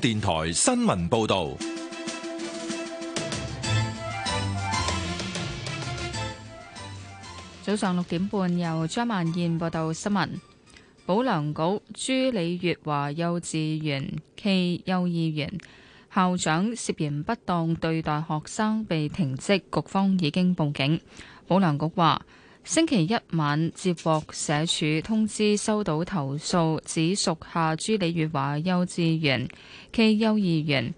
電台新聞報道：早上六點半，由張萬燕報道新聞。保良局朱李月華幼稚園暨幼兒園校長涉嫌不當對待學生，被停職，局方已經報警。保良局話。星期一晚接獲社署通知，收到投訴，指屬下朱李月華幼稚園 K 幼兒園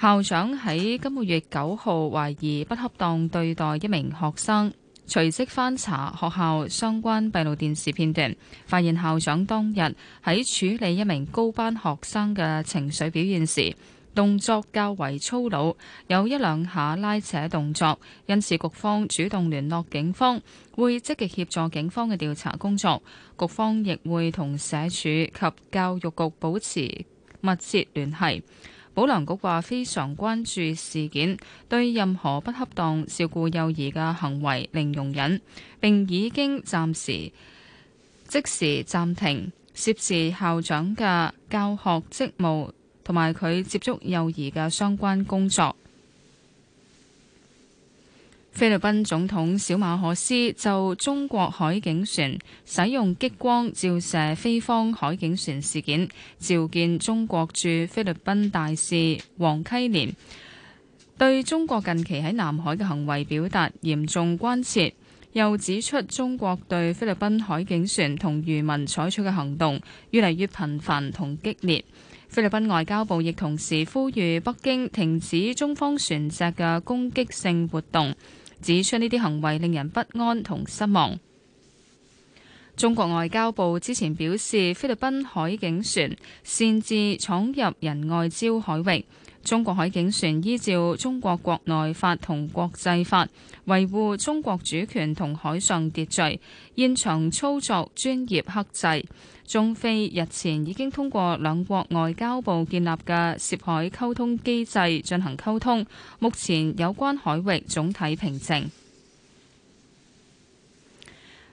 校長喺今個月九號懷疑不恰當對待一名學生，隨即翻查學校相關閉路電視片段，發現校長當日喺處理一名高班學生嘅情緒表現時，動作較為粗魯，有一兩下拉扯動作，因此局方主動聯絡警方，會積極協助警方嘅調查工作。局方亦會同社署及教育局保持密切聯繫。保良局話非常關注事件，對任何不恰當照顧幼兒嘅行為零容忍，並已經暫時即時暫停涉事校長嘅教學職務。同埋佢接觸幼兒嘅相關工作。菲律賓總統小馬可斯就中國海警船使用激光照射菲方海警船事件，召見中國駐菲律賓大使黃溪連，對中國近期喺南海嘅行為表達嚴重關切，又指出中國對菲律賓海警船同漁民採取嘅行動越嚟越頻繁同激烈。菲律賓外交部亦同時呼籲北京停止中方船隻嘅攻擊性活動，指出呢啲行為令人不安同失望。中國外交部之前表示，菲律賓海警船擅自闖入仁愛礁海域，中國海警船依照中國國內法同國際法維護中國主權同海上秩序，現場操作專業克制。中菲日前已經通過兩國外交部建立嘅涉海溝通機制進行溝通，目前有關海域總體平靜。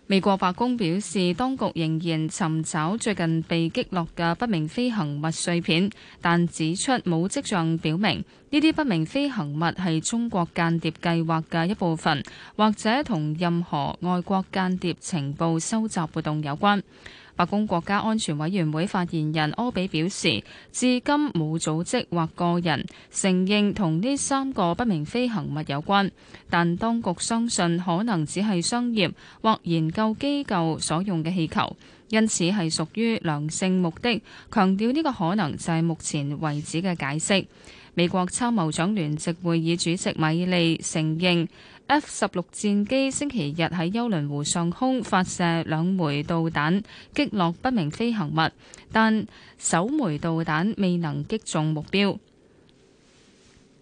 美國白宮表示，當局仍然尋找最近被擊落嘅不明飛行物碎片，但指出冇跡象表明呢啲不明飛行物係中國間諜計劃嘅一部分，或者同任何外國間諜情報收集活動有關。白宮國家安全委員會發言人柯比表示，至今冇組織或個人承認同呢三個不明飛行物有關，但當局相信可能只係商業或研究機構所用嘅氣球，因此係屬於良性目的，強調呢個可能就係目前為止嘅解釋。美國參謀長聯席會議主席米利承認。F 十六戰機星期日喺休倫湖上空發射兩枚導彈，擊落不明飛行物，但首枚導彈未能擊中目標。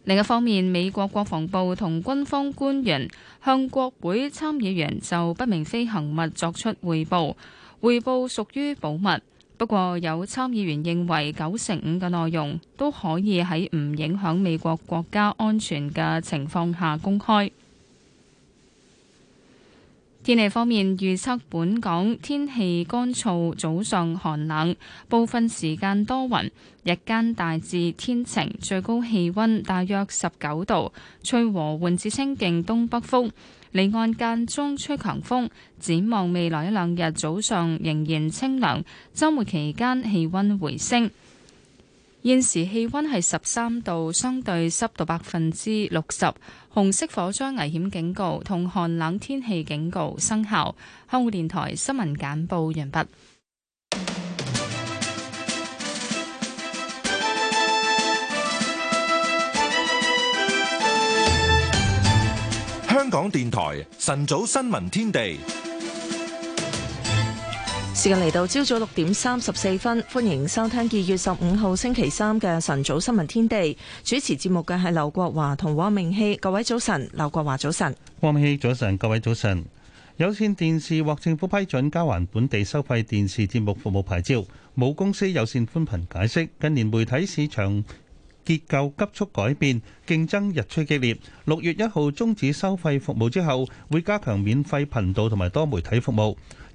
另一方面，美國國防部同軍方官員向國會參議員就不明飛行物作出匯報，匯報屬於保密。不過，有參議員認為九成五嘅內容都可以喺唔影響美國國家安全嘅情況下公開。天氣方面，預測，本港天氣乾燥，早上寒冷，部分時間多雲，日間大致天晴，最高氣溫大約十九度，吹和緩至清勁東北風，離岸間中吹強風。展望未來一兩日早上仍然清涼，周末期間氣溫回升。現時氣溫係十三度，相對濕度百分之六十。紅色火災危險警告同寒冷天氣警告生效。香港電台新聞簡報完畢。香港電台晨早新聞天地。時間嚟到朝早六點三十四分，歡迎收聽二月十五號星期三嘅晨早新聞天地。主持節目嘅係劉國華同黃明熙。各位早晨，劉國華早晨，黃明熙早晨，各位早晨。有線電視獲政府批准交還本地收費電視節目服務牌照，母公司有線寬頻解釋，近年媒體市場結構急速改變，競爭日趨激烈。六月一號終止收費服務之後，會加強免費頻道同埋多媒體服務。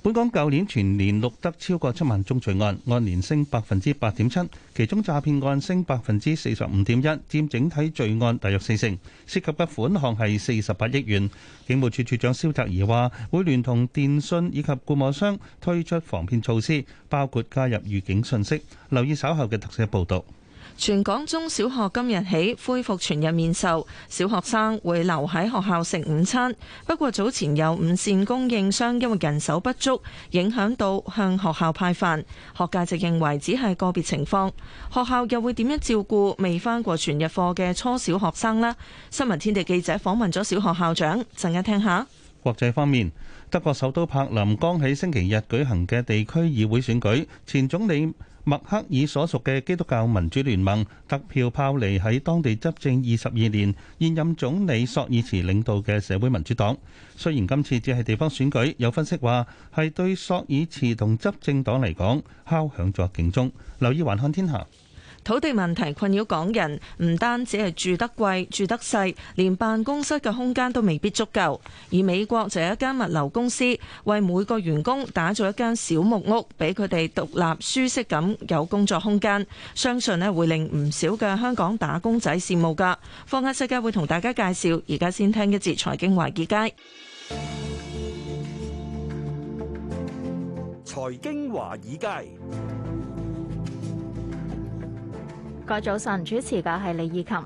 本港舊年全年錄得超過七萬宗罪案，按年升百分之八點七，其中詐騙案升百分之四十五點一，佔整體罪案大約四成，涉及嘅款項係四十八億元。警務處處長蕭澤頤話：會聯同電信以及固網商推出防騙措施，包括加入預警訊息，留意稍後嘅特寫報道。全港中小學今日起恢復全日面授，小學生會留喺學校食午餐。不過早前有午膳供應商因為人手不足，影響到向學校派飯。學界就認為只係個別情況。學校又會點樣照顧未返過全日課嘅初小學生呢？新聞天地記者訪問咗小學校長，陣間聽下。國際方面，德國首都柏林剛喺星期日舉行嘅地區議會選舉，前總理默克爾所屬嘅基督教民主聯盟得票拋離喺當地執政二十二年，現任總理索爾茨領導嘅社會民主黨，雖然今次只係地方選舉，有分析話係對索爾茨同執政黨嚟講敲響咗警鐘。留意環看天下。土地問題困擾港人，唔單止係住得貴、住得細，連辦公室嘅空間都未必足夠。而美國就有一間物流公司，為每個員工打造一間小木屋，俾佢哋獨立、舒適咁有工作空間。相信咧會令唔少嘅香港打工仔羨慕噶。放眼世界會同大家介紹，而家先聽一節《財經華爾街》。財經華爾街。各位早晨，主持嘅係李以琴。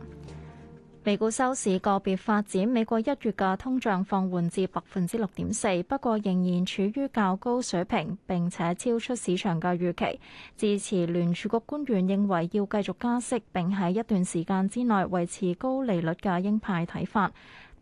美股收市個別發展，美國一月嘅通脹放緩至百分之六點四，不過仍然處於較高水平，並且超出市場嘅預期。支持聯儲局官員認為要繼續加息，並喺一段時間之內維持高利率嘅鷹派睇法。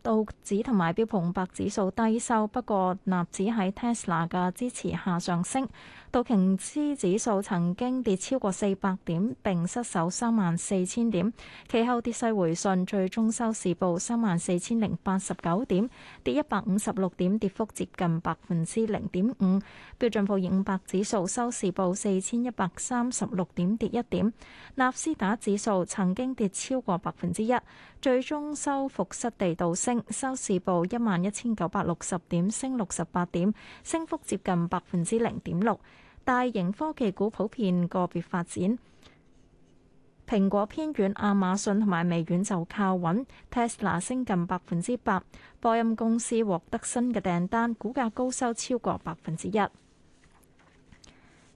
道指同埋標普五百指數低收，不過納指喺 Tesla 嘅支持下上升。道瓊斯指數曾經跌超過四百點，並失守三萬四千點，其後跌勢回順，最終收市報三萬四千零八十九點，跌一百五十六點，跌幅接近百分之零點五。標準普爾五百指數收市報四千一百三十六點，跌一點。納斯達指數曾經跌超過百分之一。最終收復失地，道升收市報一萬一千九百六十點，升六十八點，升幅接近百分之零點六。大型科技股普遍個別發展，蘋果偏軟，亞馬遜同埋微軟就靠穩，Tesla 升近百分之八，波音公司獲得新嘅訂單，股價高收超過百分之一。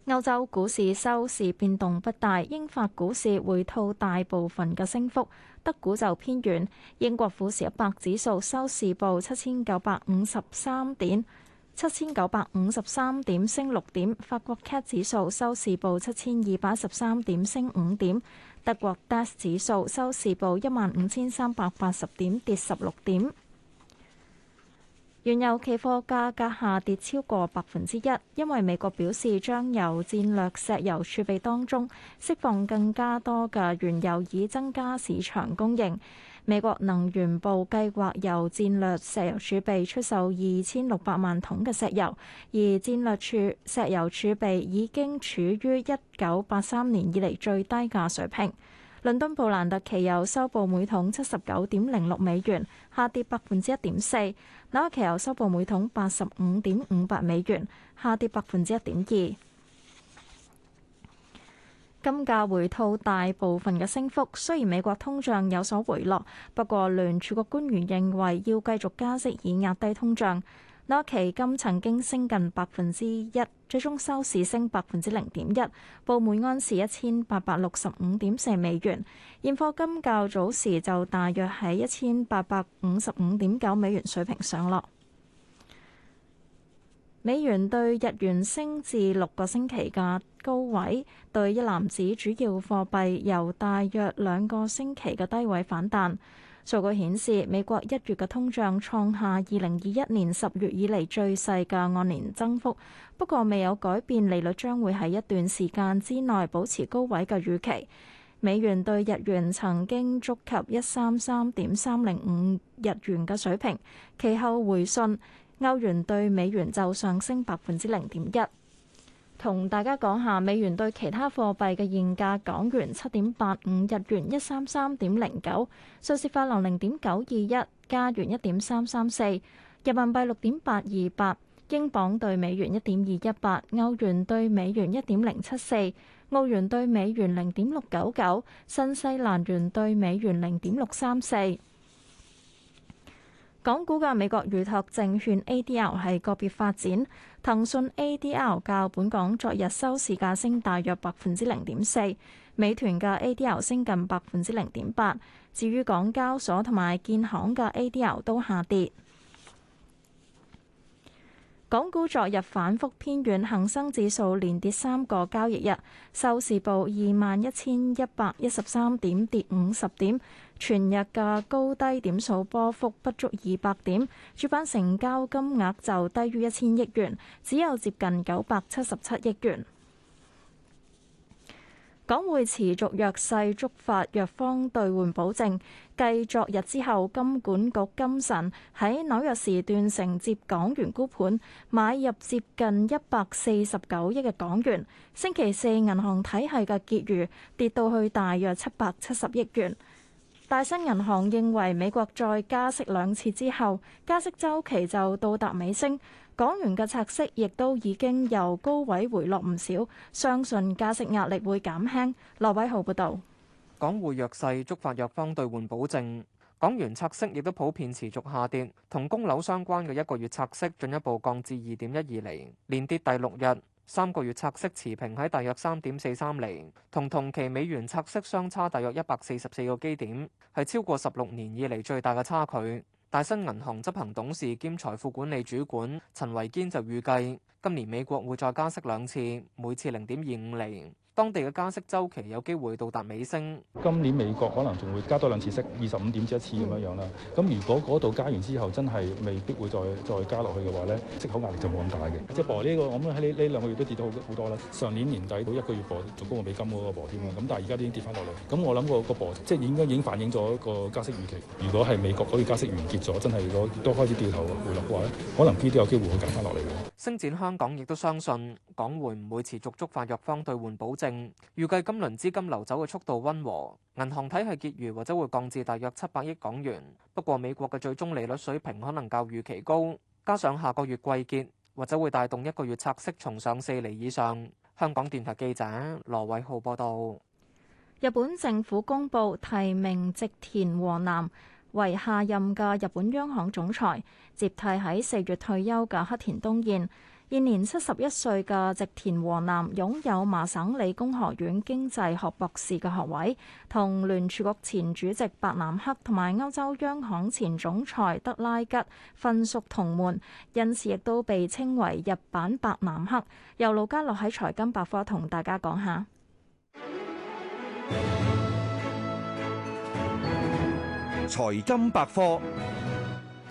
歐洲股市收市變動不大，英法股市回吐大部分嘅升幅，德股就偏軟。英國富時一百指數收市報七千九百五十三點，七千九百五十三點升六點。法國 c a c 指數收市報七千二百十三點，升五點。德國 Dax 指數收市報一萬五千三百八十點，跌十六點。原油期貨價格下跌超過百分之一，因為美國表示將由戰略石油儲備當中釋放更加多嘅原油，以增加市場供應。美國能源部計劃由戰略石油儲備出售二千六百萬桶嘅石油，而戰略儲石油儲備已經處於一九八三年以嚟最低價水平。倫敦布蘭特期油收報每桶七十九點零六美元，下跌百分之一點四；紐約期油收報每桶八十五點五八美元，下跌百分之一點二。金價回吐大部分嘅升幅，雖然美國通脹有所回落，不過聯儲局官員認為要繼續加息以壓低通脹。那期金曾經升近百分之一，最終收市升百分之零點一，報每安士一千八百六十五點四美元。現貨金較早時就大約喺一千八百五十五點九美元水平上落。美元對日元升至六個星期嘅高位，對一籃子主要貨幣由大約兩個星期嘅低位反彈。數據顯示，美國一月嘅通脹創下二零二一年十月以嚟最細嘅按年增幅，不過未有改變利率將會喺一段時間之內保持高位嘅預期。美元兌日元曾經觸及一三三點三零五日元嘅水平，其後回信。歐元兌美元就上升百分之零點一。同大家講下美元對其他貨幣嘅現價：港元七點八五，日元一三三點零九，瑞士法郎零點九二一，加元一點三三四，人民幣六點八二八，英鎊對美元一點二一八，歐元對美元一點零七四，澳元對美元零點六九九，新西蘭元對美元零點六三四。港股嘅美國預託證券 A.D.L 係個別發展，騰訊 A.D.L 較本港昨日收市價升大約百分之零點四，美團嘅 A.D.L 升近百分之零點八。至於港交所同埋建行嘅 A.D.L 都下跌。港股昨日反覆偏軟，恒生指數連跌三個交易日，收市報二萬一千一百一十三點，跌五十點。全日嘅高低點數波幅不足二百點，主板成交金額就低於一千億元，只有接近九百七十七億元。港匯持續弱勢，觸發弱方兌換保證。繼昨日之後，金管局今晨喺紐約時段承接港元沽盤，買入接近一百四十九億嘅港元。星期四銀行體系嘅結餘跌到去大約七百七十億元。大新銀行認為，美國再加息兩次之後，加息周期就到達尾聲，港元嘅拆息亦都已經由高位回落唔少，相信加息壓力會減輕。羅偉豪報導，港匯弱勢觸發弱方兌換保證，港元拆息亦都普遍持續下跌，同供樓相關嘅一個月拆息進一步降至二點一二厘，連跌第六日。三個月拆息持平喺大約三點四三厘，同同期美元拆息相差大約一百四十四個基點，係超過十六年以嚟最大嘅差距。大新銀行執行董事兼財富管理主管陳維堅就預計，今年美國會再加息兩次，每次零點二五厘。當地嘅加息週期有機會到達尾聲。今年美國可能仲會加多兩次息，二十五點止一次咁樣樣啦。咁如果嗰度加完之後真係未必會再再加落去嘅話咧，息口壓力就冇咁大嘅。即係薄呢個，我諗喺呢呢兩個月都跌咗好好多啦。上年年底到一個月薄仲高過美金嗰個薄添。咁但係而家都已經跌翻落嚟。咁我諗過個波，即係已經已經反映咗個加息預期。如果係美國嗰段加息完結咗，真係如果都開始掉頭回落嘅話咧，可能 P 都有機會會減翻落嚟嘅。星展香港亦都相信港匯唔會持續觸發弱方兌換保證。預計今輪資金流走嘅速度溫和，銀行體系結餘或者會降至大約七百億港元。不過美國嘅最終利率水平可能較預期高，加上下個月季結，或者會帶動一個月拆息，息重上四厘以上。香港電台記者羅偉浩報道。日本政府公布提名直田和男為下任嘅日本央行總裁，接替喺四月退休嘅黑田東彥。現年七十一歲嘅植田和男擁有麻省理工學院經濟學博士嘅學位，同聯儲局前主席伯南克同埋歐洲央行前總裁德拉吉分屬同門，因此亦都被稱為日版伯南克。由盧家樂喺財金百科同大家講下。財金百科。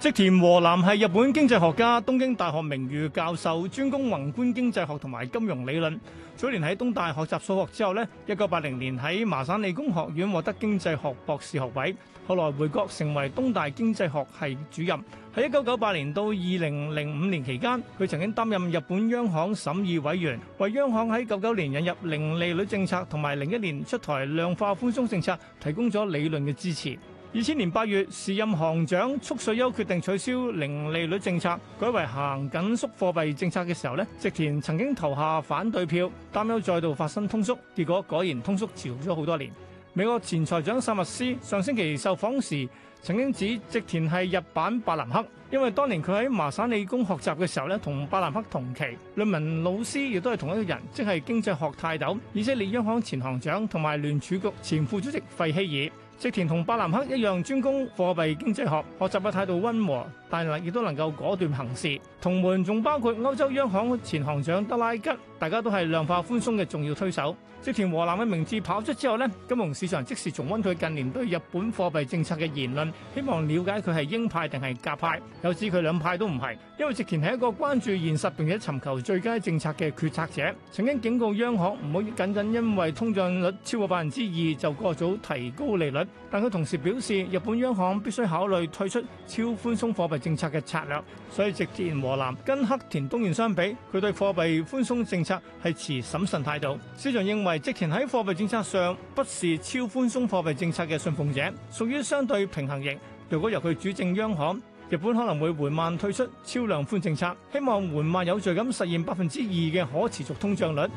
植田和男係日本經濟學家、東京大學名譽教授，專攻宏觀經濟學同埋金融理論。早年喺東大學習數學之後呢，一九八零年喺麻省理工學院獲得經濟學博士學位，後來回國成為東大經濟學系主任。喺一九九八年到二零零五年期間，佢曾經擔任日本央行審議委員，為央行喺九九年引入零利率政策同埋零一年出台量化寬鬆政策提供咗理論嘅支持。二千年八月，時任行長速水優決定取消零利率政策，改為行緊縮貨幣政策嘅時候呢，直田曾經投下反對票，擔憂再度發生通縮，結果果然通縮潮咗好多年。美國前財長薩密斯上星期受訪時曾經指直田係日版伯南克，因為當年佢喺麻省理工學習嘅時候呢，同伯南克同期，論文老師亦都係同一個人，即係經濟學泰斗以色列央行前行長同埋聯儲局前副主席費希爾。植田同伯南克一樣專攻貨幣經濟學，學習嘅態度溫和，但能亦都能夠果斷行事。同門仲包括歐洲央行前行長德拉吉。大家都係量化寬鬆嘅重要推手。植田和男嘅名字跑出之後呢，金融市場即時重溫佢近年對日本貨幣政策嘅言論，希望了解佢係鷹派定係鴿派。有指佢兩派都唔係，因為植田係一個關注現實並且尋求最佳政策嘅決策者，曾經警告央行唔好僅僅因為通脹率超過百分之二就過早提高利率。但佢同時表示，日本央行必須考慮退出超寬鬆貨幣政策嘅策略。所以植，植田和男跟黑田東彥相比，佢對貨幣寬鬆政策係持審慎態度。市場認為，植田喺貨幣政策上不是超寬鬆貨幣政策嘅信奉者，屬於相對平衡型。如果由佢主政央行，日本可能會緩慢退出超量寬政策，希望緩慢有序咁實現百分之二嘅可持續通脹率。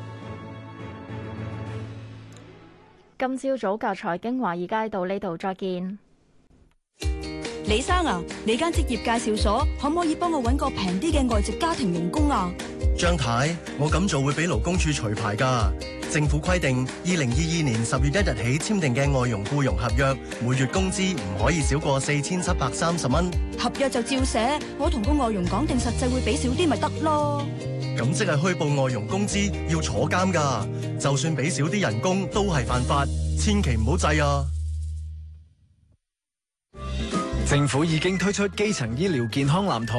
今朝早教財經華爾街到呢度再見。李生啊，你間職業介紹所可唔可以幫我揾個平啲嘅外籍家庭傭工啊？張太，太，我咁做會俾勞工處除牌噶。政府規定，二零二二年十月一日起簽訂嘅外傭僱傭合約，每月工資唔可以少過四千七百三十蚊。合約就照寫，我同個外傭講定，實際會俾少啲咪得咯？咁即係虛報外傭工資要坐監㗎。就算俾少啲人工都係犯法，千祈唔好制啊！政府已經推出基層醫療健康藍圖，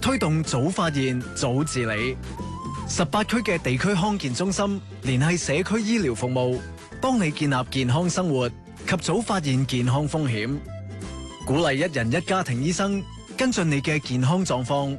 推動早發現、早治理。十八區嘅地區康健中心聯繫社區醫療服務，幫你建立健康生活，及早發現健康風險，鼓勵一人一家庭醫生跟進你嘅健康狀況。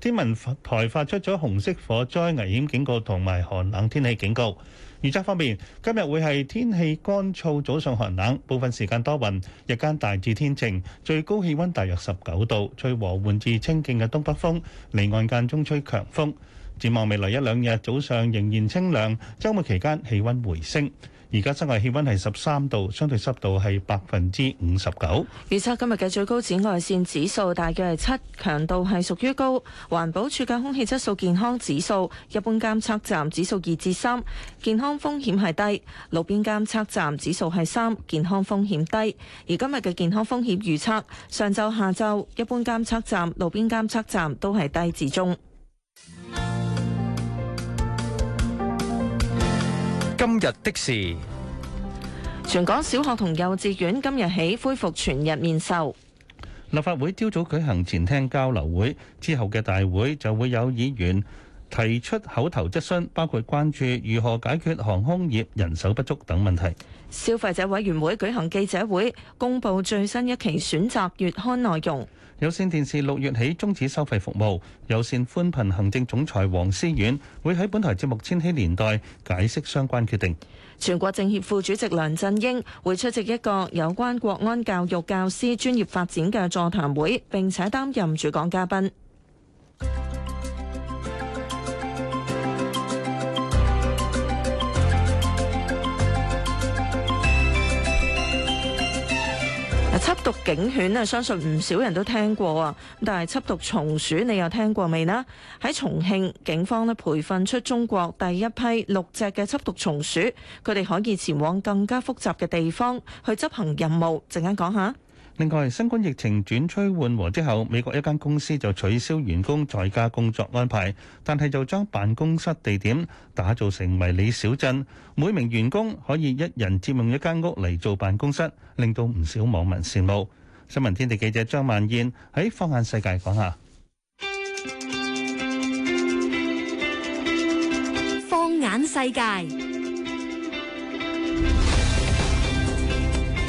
天文台發出咗紅色火災危險警告同埋寒冷天氣警告。預測方面，今日會係天氣乾燥，早上寒冷，部分時間多雲，日間大致天晴，最高氣溫大約十九度，吹和緩至清勁嘅東北風，離岸間中吹強風，展望未來一兩日，早上仍然清涼，週末期間氣溫回升。而家室外氣溫係十三度，相對濕度係百分之五十九。預測今日嘅最高紫外線指數大約係七，強度係屬於高。環保署嘅空氣質素健康指數，一般監測站指數二至三，健康風險係低；路邊監測站指數係三，健康風險低。而今日嘅健康風險預測，上晝下晝一般監測站、路邊監測站都係低至中。今日的事，全港小學同幼稚園今日起恢復全日面授。立法會朝早舉行前廳交流會，之後嘅大會就會有議員提出口頭質詢，包括關注如何解決航空業人手不足等問題。消費者委員會舉行記者會，公布最新一期選擇月刊內容。有線電視六月起終止收費服務。有線寬頻行政總裁黃思遠會喺本台節目《千禧年代》解釋相關決定。全國政協副主席梁振英會出席一個有關國安教育教師專業發展嘅座談會，並且擔任主講嘉賓。緝毒警犬啊，相信唔少人都聽過啊，但係緝毒松鼠你有聽過未呢？喺重慶警方呢培訓出中國第一批六隻嘅緝毒松鼠，佢哋可以前往更加複雜嘅地方去執行任務。陣間講下。另外，新冠疫情轉趨緩和之後，美國一間公司就取消員工在家工作安排，但係就將辦公室地點打造成迷你小鎮，每名員工可以一人佔用一間屋嚟做辦公室，令到唔少網民羨慕。新聞天地記者張萬燕喺放眼世界講下。放眼世界。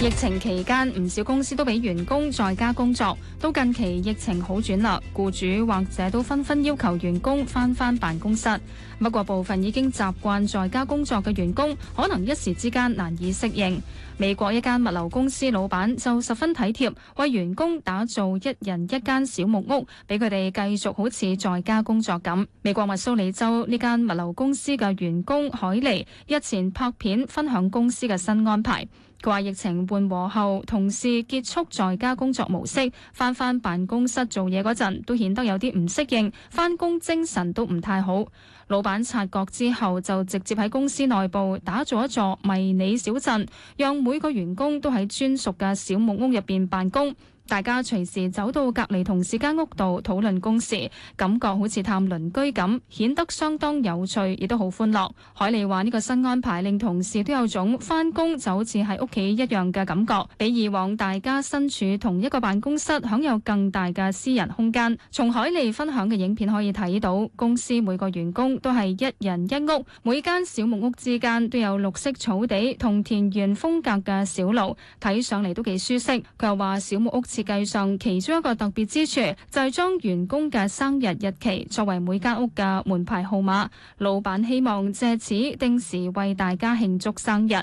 疫情期間，唔少公司都俾員工在家工作。都近期疫情好轉啦，僱主或者都紛紛要求員工返返辦公室。不過，部分已經習慣在家工作嘅員工，可能一時之間難以適應。美國一間物流公司老闆就十分體貼，為員工打造一人一間小木屋，俾佢哋繼續好似在家工作咁。美國密蘇里州呢間物流公司嘅員工凱莉日前拍片分享公司嘅新安排。佢話疫情緩和後，同事結束在家工作模式，返返辦公室做嘢嗰陣，都顯得有啲唔適應，返工精神都唔太好。老闆察覺之後，就直接喺公司內部打造一座迷你小鎮，讓每個員工都喺專屬嘅小木屋入邊辦公。大家隨時走到隔離同事間屋度討論公事，感覺好似探鄰居咁，顯得相當有趣，亦都好歡樂。海利話呢個新安排令同事都有種返工就好似喺屋企一樣嘅感覺，比以往大家身處同一個辦公室享有更大嘅私人空間。從海利分享嘅影片可以睇到，公司每個員工都係一人一屋，每間小木屋之間都有綠色草地同田園風格嘅小路，睇上嚟都幾舒適。佢又話小木屋似。實際上，其中一個特別之處就係、是、將員工嘅生日日期作為每間屋嘅門牌號碼。老闆希望借此定時為大家慶祝生日。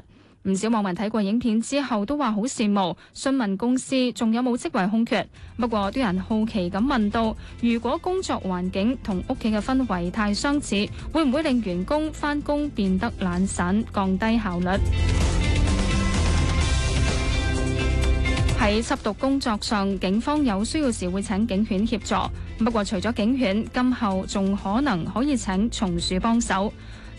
唔少網民睇過影片之後都話好羨慕，詢問公司仲有冇職位空缺。不過，啲人好奇咁問到，如果工作環境同屋企嘅氛圍太相似，會唔會令員工返工變得懶散，降低效率？喺緝毒工作上，警方有需要時會請警犬協助。不過，除咗警犬，今後仲可能可以請松鼠幫手。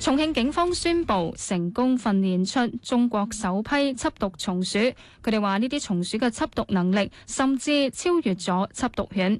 重慶警方宣布成功訓練出中國首批緝毒松鼠。佢哋話呢啲松鼠嘅緝毒能力甚至超越咗緝毒犬。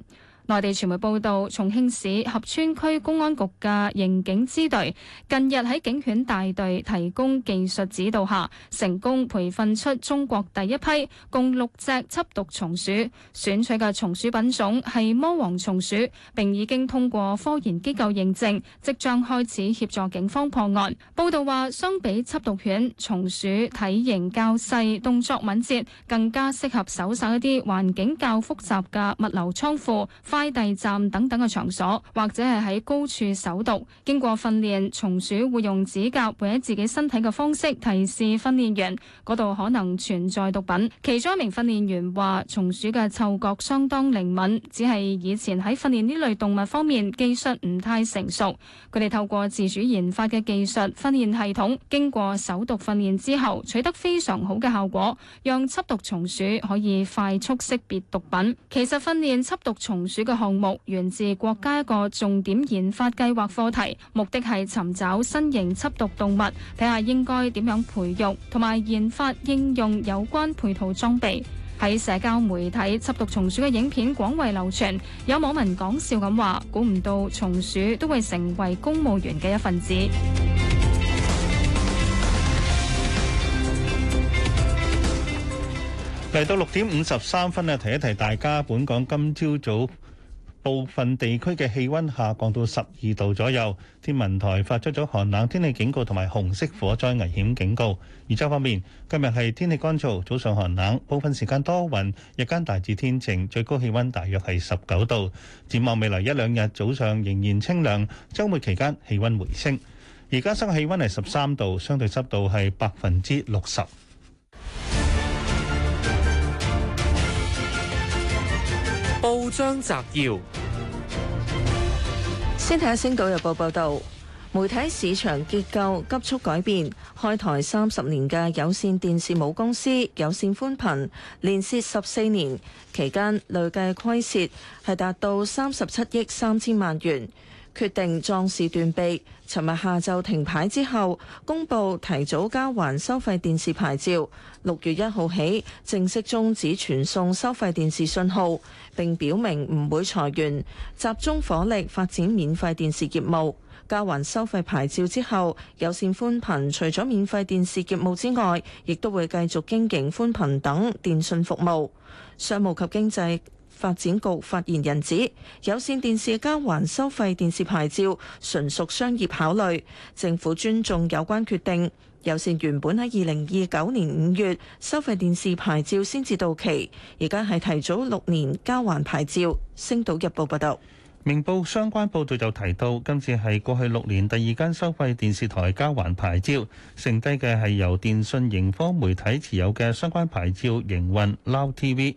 內地傳媒報道，重慶市合川區公安局嘅刑警支隊近日喺警犬大隊提供技術指導下，成功培訓出中國第一批共六隻緝毒松鼠。選取嘅松鼠品種係魔王松鼠，並已經通過科研機構認證，即將開始協助警方破案。報道話，相比緝毒犬，松鼠體型較細，動作敏捷，更加適合搜查一啲環境較複雜嘅物流倉庫。快遞站等等嘅場所，或者係喺高處搜毒。經過訓練，松鼠會用指甲或者自己身體嘅方式提示訓練員嗰度可能存在毒品。其中一名訓練員話：松鼠嘅嗅覺相當靈敏，只係以前喺訓練呢類動物方面技術唔太成熟。佢哋透過自主研發嘅技術訓練系統，經過搜毒訓練之後，取得非常好嘅效果，讓緝毒松鼠可以快速識別毒品。其實訓練緝毒松鼠個項目源自國家一個重點研發計劃課題，目的係尋找新型緝毒動物，睇下應該點樣培育同埋研發應用有關配套裝備。喺社交媒體，緝毒松鼠嘅影片廣為流傳，有網民講笑咁話：估唔到松鼠都會成為公務員嘅一份子。嚟到六點五十三分咧，提一提大家，本港今朝早。部分地區嘅氣溫下降到十二度左右，天文台發出咗寒冷天氣警告同埋紅色火災危險警告。而州方面，今日係天氣乾燥，早上寒冷，部分時間多雲，日間大致天晴，最高氣溫大約係十九度。展望未來一兩日，早上仍然清涼，週末期間氣溫回升。而家室氣溫係十三度，相對濕度係百分之六十。張澤堯，先睇下《星島日報》報道，媒體市場結構急速改變，開台三十年嘅有線電視母公司有線寬頻，連蝕十四年期間累計虧蝕係達到三十七億三千萬元。決定壯士斷臂。尋日下晝停牌之後，公布提早交還收費電視牌照，六月一號起正式終止傳送收費電視信號。並表明唔會裁員，集中火力發展免費電視業務。交還收費牌照之後，有線寬頻除咗免費電視業務之外，亦都會繼續經營寬頻等電信服務。商務及經濟發展局發言人指，有線電視交還收費電視牌照純屬商業考慮，政府尊重有關決定。有線原本喺二零二九年五月收費電視牌照先至到期，而家係提早六年交還牌照。星島日報報道，明報相關報導就提到，今次係過去六年第二間收費電視台交還牌照，剩低嘅係由電訊盈科媒體持有嘅相關牌照營運 Now TV。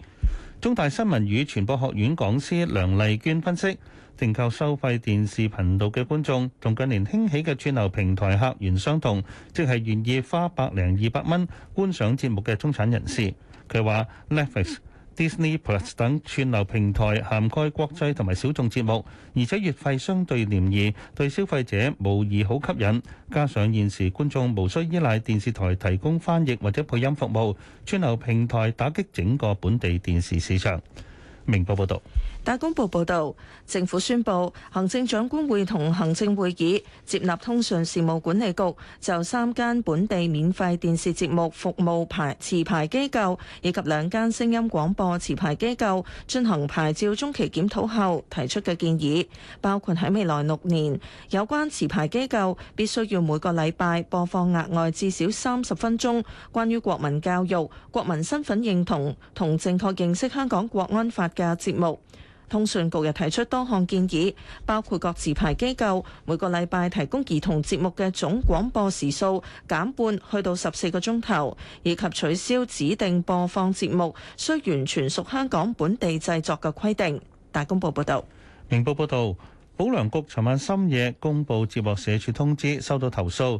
中大新聞與傳播學院講師梁麗娟分析，訂購收費電視頻道嘅觀眾同近年興起嘅串流平台客源相同，即係願意花百零二百蚊觀賞節目嘅中產人士。佢話：Netflix Disney Plus 等串流平台涵蓋國際同埋小眾節目，而且月費相對廉宜，對消費者無疑好吸引。加上現時觀眾無需依賴電視台提供翻譯或者配音服務，串流平台打擊整個本地電視市場。明報報道。大公報報導，政府宣布行政長官會同行政會議接納通訊事務管理局就三間本地免費電視節目服務牌持牌機構以及兩間聲音廣播持牌機構進行牌照中期檢討後提出嘅建議，包括喺未來六年有關持牌機構必須要每個禮拜播放額外至少三十分鐘關於國民教育、國民身份認同同正確認識香港國安法嘅節目。通訊局又提出多項建議，包括各持牌機構每個禮拜提供兒童節目嘅總廣播時數減半，去到十四個鐘頭，以及取消指定播放節目需完全屬香港本地製作嘅規定。大公報報道。明報報道，保良局尋晚深夜公佈接獲社署通知，收到投訴。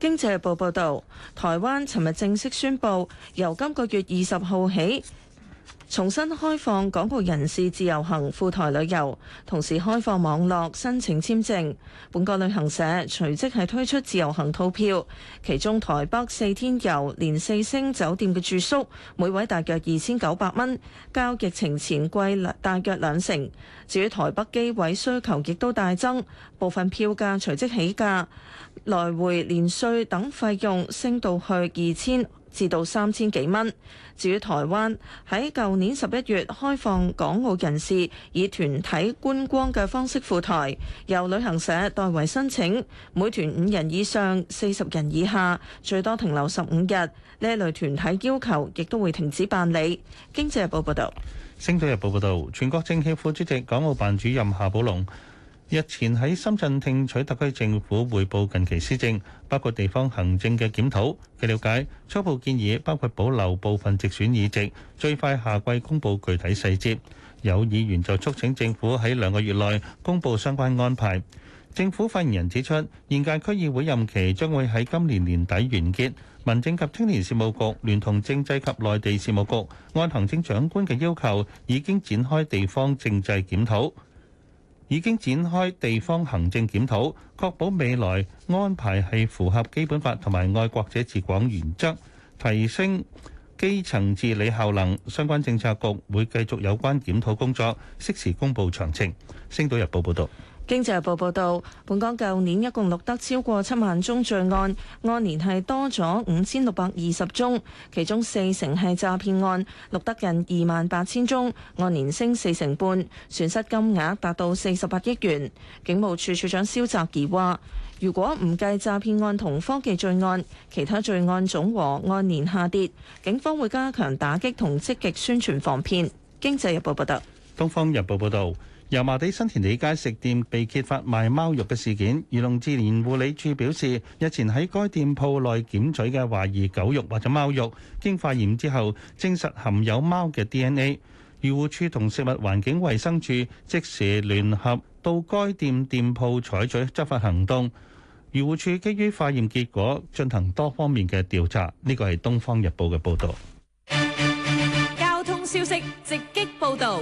經濟日報報導，台灣尋日正式宣布，由今個月二十號起，重新開放港澳人士自由行赴台旅遊，同時開放網絡申請簽證。本個旅行社隨即係推出自由行套票，其中台北四天遊連四星酒店嘅住宿，每位大約二千九百蚊，較疫情前貴大約兩成。至於台北機位需求亦都大增，部分票價隨即起價，來回連稅等費用升到去二千至到三千幾蚊。至於台灣喺舊年十一月開放港澳人士以團體觀光嘅方式赴台，由旅行社代為申請，每團五人以上、四十人以下，最多停留十五日。呢一類團體要求亦都會停止辦理。經濟日報報道，《星島日報》報道，全國政協副主席、港澳辦主任夏寶龍。日前喺深圳聽取特區政府匯報近期施政，包括地方行政嘅檢討。據了解，初步建議包括保留部分直選議席，最快下季公佈具體細節。有議員就促請政府喺兩個月內公佈相關安排。政府發言人指出，現屆區議會任期將會喺今年年底完結。民政及青年事務局聯同政制及內地事務局，按行政長官嘅要求，已經展開地方政制檢討。已經展開地方行政檢討，確保未來安排係符合基本法同埋愛國者治港原則，提升基層治理效能。相關政策局會繼續有關檢討工作，適時公佈詳情。星島日報報導。經濟日報報導，本港舊年一共錄得超過七萬宗罪案，按年係多咗五千六百二十宗，其中四成係詐騙案，錄得近二萬八千宗，按年升四成半，損失金額達到四十八億元。警務處處長蕭澤頤話，如果唔計詐騙案同科技罪案，其他罪案總和按年下跌，警方會加強打擊同積極宣傳防騙。經濟日報報道。東方日報報導。油麻地新田地街食店被揭發賣貓肉嘅事件，漁農自然護理署表示，日前喺該店鋪內檢取嘅懷疑狗肉或者貓肉，經化驗之後證實含有貓嘅 DNA。漁護處同食物環境衛生署即時聯合到該店店鋪採取執法行動。漁護處基於化驗結果進行多方面嘅調查，呢個係《東方日報》嘅報道。交通消息直擊報道。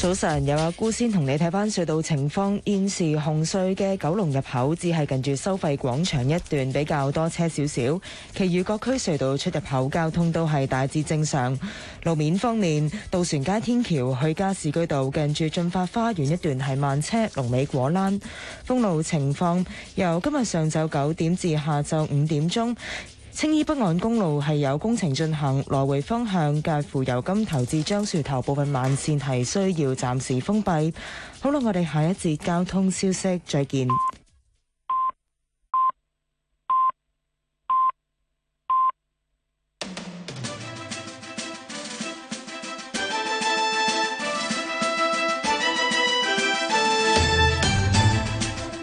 早晨，有阿姑先同你睇翻隧道情況。現時紅隧嘅九龍入口只係近住收費廣場一段比較多車少少，其餘各區隧道出入口交通都係大致正常。路面方面，渡船街天橋去加士居道近住駿發花園一段係慢車，龍尾果欄封路情況由今日上晝九點至下晝五點鐘。青衣北岸公路係有工程進行，來回方向介乎油金頭至樟樹頭部分慢線係需要暫時封閉。好啦，我哋下一節交通消息再見。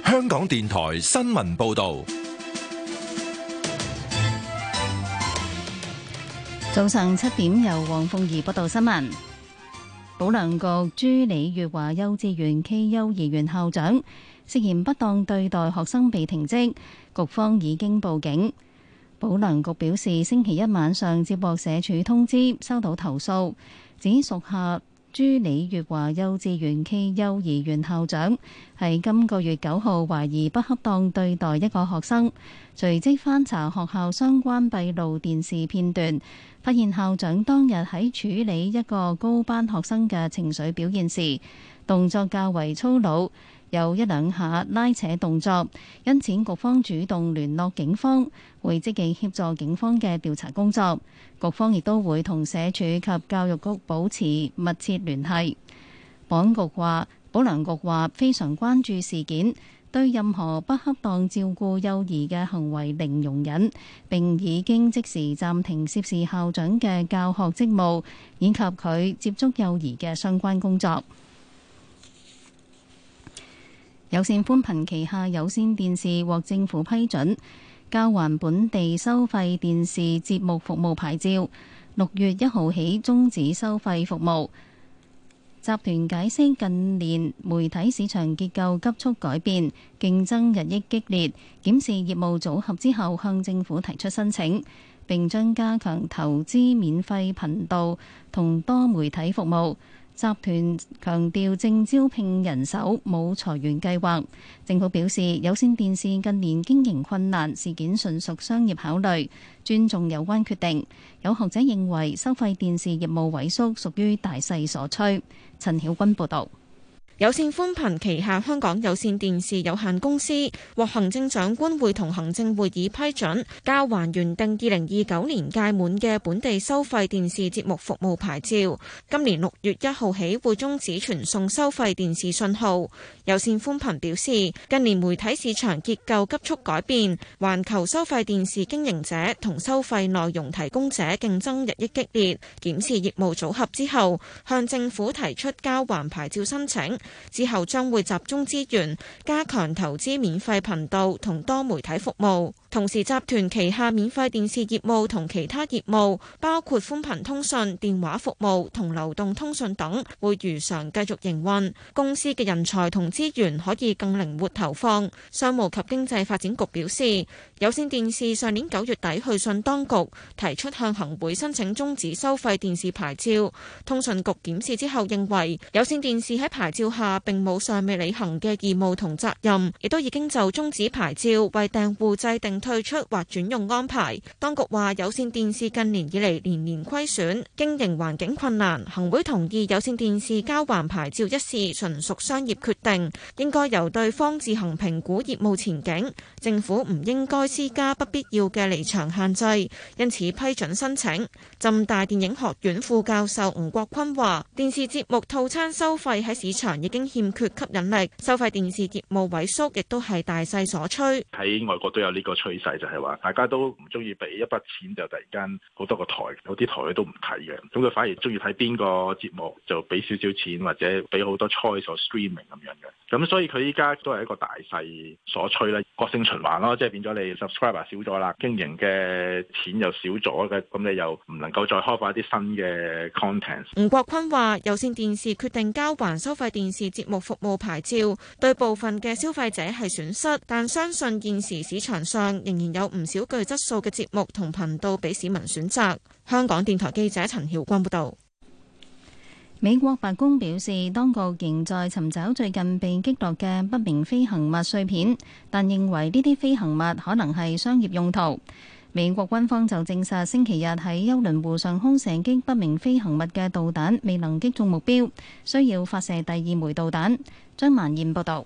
香港電台新聞報道。早上七點，由黃鳳儀報道新聞。保良局朱李月華幼稚園暨幼兒園校長涉嫌不當對待學生被停職，局方已經報警。保良局表示，星期一晚上接獲社署通知，收到投訴，指屬下朱李月華幼稚園暨幼兒園校長係今個月九號懷疑不恰當對待一個學生，隨即翻查學校相關閉路電視片段。發現校長當日喺處理一個高班學生嘅情緒表現時，動作較為粗魯，有一兩下拉扯動作。因此，局方主動聯絡警方，會積極協助警方嘅調查工作。局方亦都會同社署及教育局保持密切聯繫。保安局話，保良局話非常關注事件。對任何不恰當照顧幼兒嘅行為零容忍，並已經即時暫停涉事校長嘅教學職務，以及佢接觸幼兒嘅相關工作。有線寬頻旗下有線電視獲政府批准，交還本地收費電視節目服務牌照，六月一號起終止收費服務。集團解釋近年媒體市場結構急速改變，競爭日益激烈。檢視業務組合之後，向政府提出申請，並將加強投資免費頻道同多媒體服務。集團強調正招聘人手，冇裁員計劃。政府表示，有線電視近年經營困難，事件純屬商業考慮，尊重有關決定。有學者認為，收費電視業務萎縮屬於大勢所趨。陳曉君報導。有線寬頻旗下香港有線電視有限公司獲行政長官會同行政會議批准交還原定二零二九年屆滿嘅本地收費電視節目服務牌照，今年六月一號起會終止傳送收費電視信號。有線寬頻表示，近年媒體市場結構急速改變，環球收費電視經營者同收費內容提供者競爭日益激烈，檢視業務組合之後，向政府提出交還牌照申請。之後將會集中資源，加強投資免費頻道同多媒體服務。同時，集團旗下免費電視業務同其他業務，包括寬頻通訊、電話服務同流動通訊等，會如常繼續營運。公司嘅人才同資源可以更靈活投放。商務及經濟發展局表示，有線電視上年九月底去信當局，提出向行會申請終止收費電視牌照。通訊局檢視之後認為，有線電視喺牌照下並冇尚未履行嘅義務同責任，亦都已經就終止牌照為訂戶制定。退出或轉用安排，當局話有線電視近年以嚟，年年虧損，經營環境困難。行會同意有線電視交還牌照一事純屬商業決定，應該由對方自行評估業務前景，政府唔應該施加不必要嘅離場限制，因此批准申請。浸大電影學院副教授吳國坤話，電視節目套餐收費喺市場已經欠缺吸引力，收費電視業務萎縮亦都係大勢所趨。喺外國都有呢個趨勢就係話，大家都唔中意俾一筆錢就突然間好多個台，有啲台都唔睇嘅，咁佢反而中意睇邊個節目就俾少少錢或者俾好多 choice streaming 咁樣嘅，咁所以佢依家都係一個大勢所趨啦，惡性循環咯，即係變咗你 subscriber 少咗啦，經營嘅錢又少咗嘅，咁你又唔能夠再開發一啲新嘅 content。吳國坤話：有線電視決定交還收費電視節目服務牌照，對部分嘅消費者係損失，但相信現時市場上，仍然有唔少具質素嘅節目同頻道俾市民選擇。香港電台記者陳曉光報道。美國白宮表示，當局仍在尋找最近被擊落嘅不明飛行物碎片，但認為呢啲飛行物可能係商業用途。美國軍方就證實星期日喺休倫湖上空射擊不明飛行物嘅導彈未能擊中目標，需要發射第二枚導彈。張萬燕報道。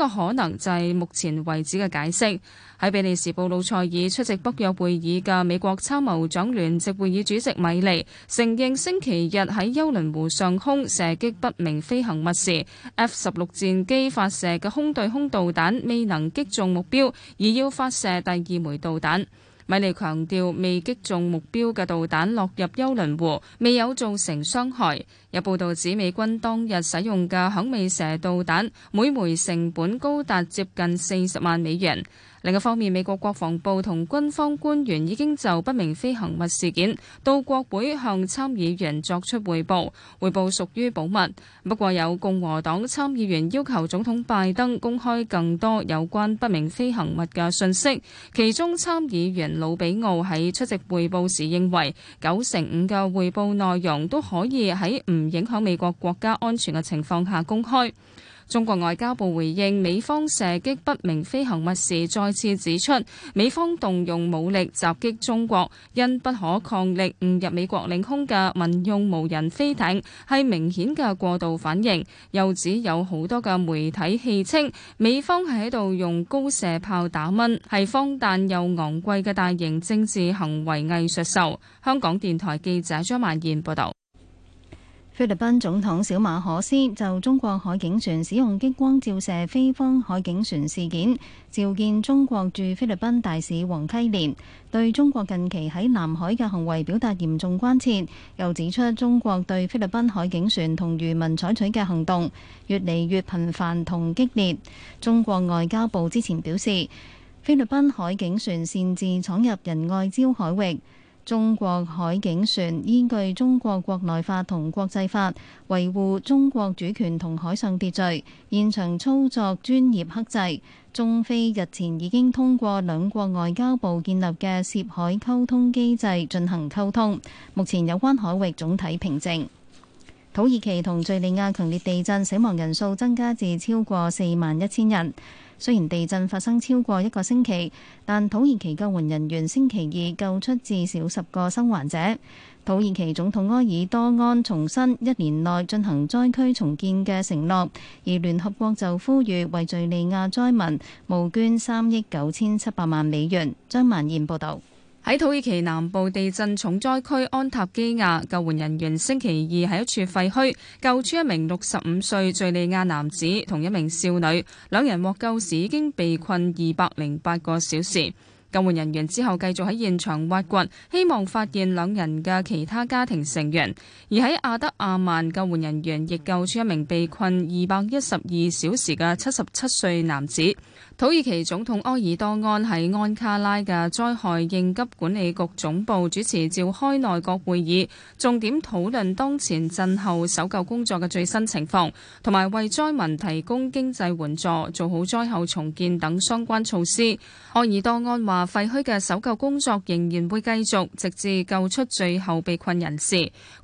個可能就係目前為止嘅解釋。喺比利時布魯塞爾出席北約會議嘅美國參謀長聯席會議主席米利承認，星期日喺休倫湖上空射擊不明飛行物時，F 十六戰機發射嘅空對空導彈未能擊中目標，而要發射第二枚導彈。米利強調，未擊中目標嘅導彈落入休倫湖，未有造成傷害。有報道指，美軍當日使用嘅響尾蛇導彈，每枚成本高達接近四十萬美元。另一方面，美國國防部同軍方官員已經就不明飛行物事件到國會向參議員作出匯報，匯報屬於保密。不過，有共和黨參議員要求總統拜登公開更多有關不明飛行物嘅信息。其中，參議員魯比奧喺出席匯報時認為，九成五嘅匯報內容都可以喺唔影響美國國家安全嘅情況下公開。中國外交部回應美方射擊不明飛行物時，再次指出，美方動用武力襲擊中國，因不可抗力誤入美國領空嘅民用無人飛艇，係明顯嘅過度反應，又指有好多嘅媒體戲稱，美方係喺度用高射炮打蚊，係荒誕又昂貴嘅大型政治行為藝術秀。香港電台記者張曼燕報道。菲律賓總統小馬可斯就中國海警船使用激光照射菲方海警船事件，召見中國駐菲律賓大使黃溪連，對中國近期喺南海嘅行為表達嚴重關切，又指出中國對菲律賓海警船同漁民採取嘅行動越嚟越頻繁同激烈。中國外交部之前表示，菲律賓海警船擅自闖入仁愛礁海域。中國海警船依據中國國內法同國際法維護中國主權同海上秩序，現場操作專業克制。中非日前已經通過兩國外交部建立嘅涉海溝通機制進行溝通，目前有關海域總體平靜。土耳其同敍利亞強烈地震，死亡人數增加至超過四萬一千人。雖然地震發生超過一個星期，但土耳其救援人員星期二救出至少十個生還者。土耳其總統埃爾多安重申一年內進行災區重建嘅承諾，而聯合國就呼籲為敍利亞災民募捐三億九千七百萬美元。張萬燕報導。喺土耳其南部地震重災區安塔基亞，救援人員星期二喺一處廢墟救出一名六十五歲敍利亞男子同一名少女，兩人獲救時已經被困二百零八個小時。救援人員之後繼續喺現場挖掘，希望發現兩人嘅其他家庭成員。而喺阿德亞曼，救援人員亦救出一名被困二百一十二小時嘅七十七歲男子。土耳其總統埃爾多安喺安卡拉嘅災害應急管理局總部主持召開內閣會議，重點討論當前震後搜救工作嘅最新情況，同埋為災民提供經濟援助、做好災後重建等相關措施。埃爾多安話，廢墟嘅搜救工作仍然會繼續，直至救出最後被困人士。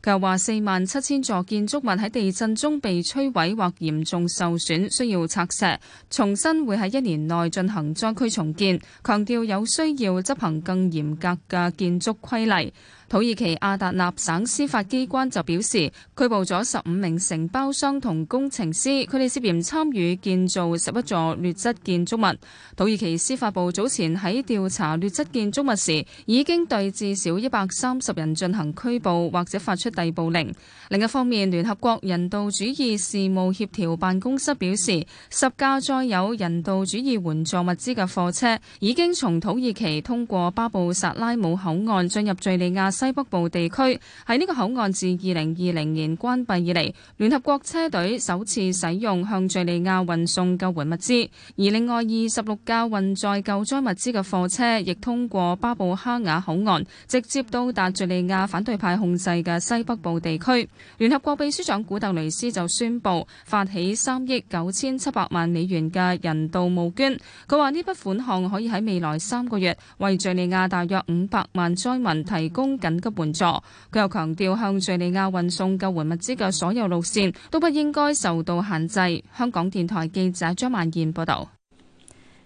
佢又話，四萬七千座建築物喺地震中被摧毀或嚴重受損，需要拆石。重新會喺一年內進行災區重建，強調有需要執行更嚴格嘅建築規例。土耳其阿達納省司法機關就表示，拘捕咗十五名承包商同工程師，佢哋涉嫌參與建造十一座劣質建築物。土耳其司法部早前喺調查劣質建築物時，已經對至少一百三十人進行拘捕或者發出逮捕令。另一方面，聯合國人道主義事務協調辦公室表示，十架載有人道主義援助物資嘅貨車已經從土耳其通過巴布薩拉姆口岸進入敘利亞。西北部地區喺呢個口岸自二零二零年關閉以嚟，聯合國車隊首次使用向敘利亞運送救援物資，而另外二十六架運載救災物資嘅貨車亦通過巴布哈瓦口岸，直接到達敘利亞反對派控制嘅西北部地區，聯合國秘書長古特雷斯就宣布發起三億九千七百萬美元嘅人道募捐，佢話呢筆款項可以喺未來三個月為敘利亞大約五百萬災民提供。緊急援助。佢又強調，向敘利亞運送救援物資嘅所有路線都不應該受到限制。香港電台記者張曼燕報道。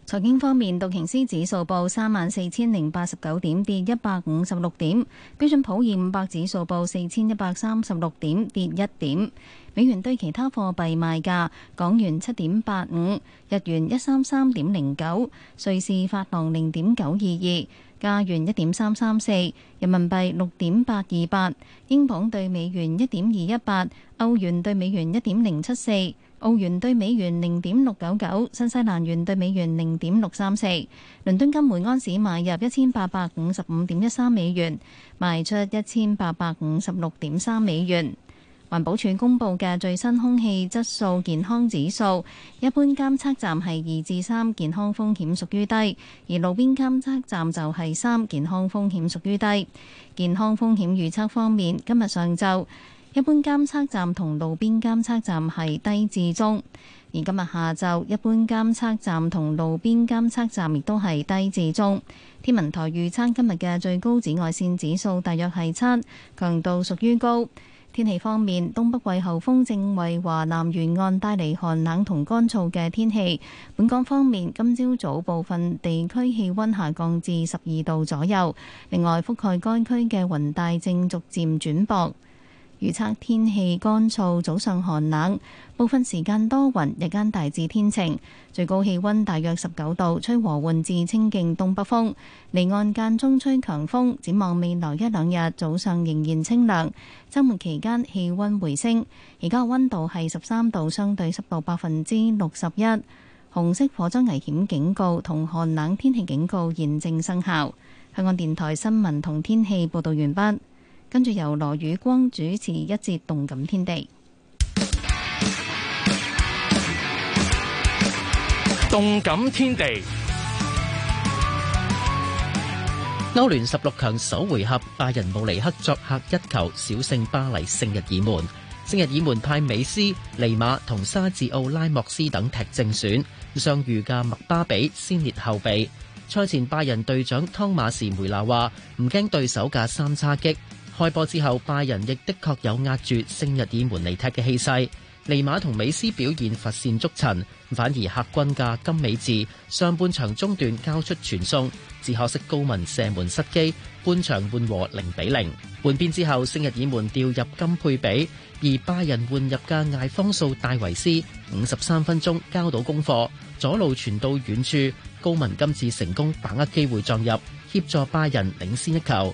財經方面，道瓊斯指數報三萬四千零八十九點，跌一百五十六點；標準普爾五百指數報四千一百三十六點，跌一點。美元兌其他貨幣賣價：港元七點八五，日元一三三點零九，瑞士法郎零點九二二。加元一點三三四，4，人民幣六點八二八，英鎊對美元一點二一八，歐元對美元一點零七四，澳元對美元零點六九九，新西蘭元對美元零點六三四。倫敦金每安士買入一千八百五十五點一三美元，賣出一千八百五十六點三美元。環保署公布嘅最新空氣質素健康指數，一般監測站係二至三，健康風險屬於低；而路邊監測站就係三，健康風險屬於低。健康風險預測方面，今日上晝一般監測站同路邊監測站係低至中，而今日下晝一般監測站同路邊監測站亦都係低至中。天文台預測今日嘅最高紫外線指數大約係七，強度屬於高。天氣方面，東北季候風正為華南沿岸帶嚟寒冷同乾燥嘅天氣，本港方面，今朝早部分地區氣溫下降至十二度左右，另外覆蓋該區嘅雲帶正逐漸轉薄。預測天氣乾燥，早上寒冷，部分時間多雲，日間大致天晴，最高氣溫大約十九度，吹和緩至清勁東北風，離岸間中吹強風。展望未來一兩日早上仍然清涼，週末期間氣溫回升。而家溫度係十三度，相對濕度百分之六十一。紅色火災危險警告同寒冷天氣警告現正生效。香港電台新聞同天氣報道完畢。跟住由羅宇光主持一節動感天地。動感天地。歐聯十六強首回合，拜仁慕尼黑作客一球小勝巴黎聖日耳門。聖日耳門派美斯、尼馬同沙治奧拉莫斯等踢正選，傷癒嘅麥巴比先列後備。賽前拜仁隊長湯馬士梅拿話唔驚對手嘅三叉戟。開波之後，拜仁亦的確有壓住聖日耳門嚟踢嘅氣勢。尼馬同美斯表現乏善足陳，反而客軍嘅金美治上半場中段交出傳送，只可惜高文射門失機，半場換和零比零。換邊之後，聖日耳門掉入金配比，而拜仁換入嘅艾方素戴維斯五十三分鐘交到功課，左路傳到遠處，高文今次成功把握機會撞入，協助拜仁領先一球。